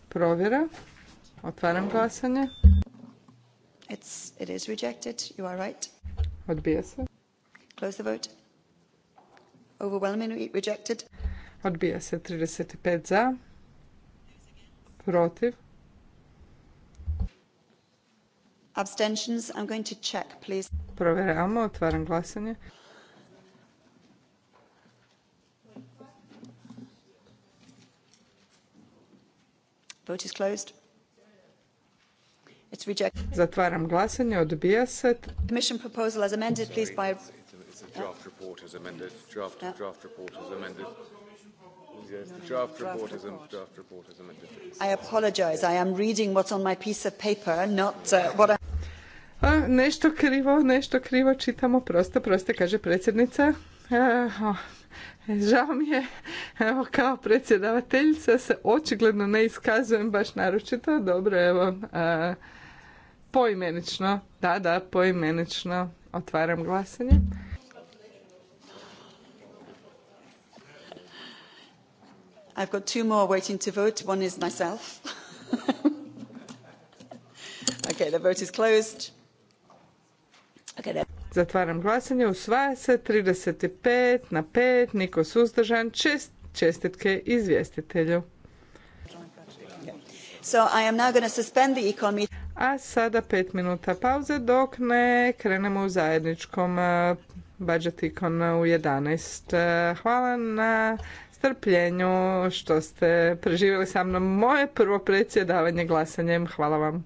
provjera. Otvaram glasanje. It's, it is rejected, you are right. Odbija se. Close the vote. Overwhelmingly rejected. Odbija se 35 za. Protiv. Abstentions. I'm going to check, please. Proveravamo, Otvaram glasanje. Vote is closed. It's rejected. Zatvaram glasanje. Odbija se. Commission proposal as amended, please, by... It's a draft report as amended. Draft, draft report as amended draft report I apologize. I am reading what's on my piece of paper, not uh, what I... nešto krivo, nešto krivo čitamo, prosto, prosto, kaže predsjednica. E, e, žao mi je, evo kao predsjedavateljica se očigledno ne iskazujem baš naročito. Dobro, evo, a, e, poimenično, da, da, poimenično otvaram glasanje. I've got two more waiting to vote. One is myself. okay, the vote is closed. Okay, Zatvaram glasanje. Usvaja se 35 na 5. Niko suzdržan. Čest, čestitke izvjestitelju. So I am now going to suspend the econ A sada pet minuta pauze dok ne krenemo u zajedničkom eh, budget icon u 11. Eh, hvala na strpljenju što ste preživjeli sa mnom moje prvo predsjedavanje glasanjem. Hvala vam.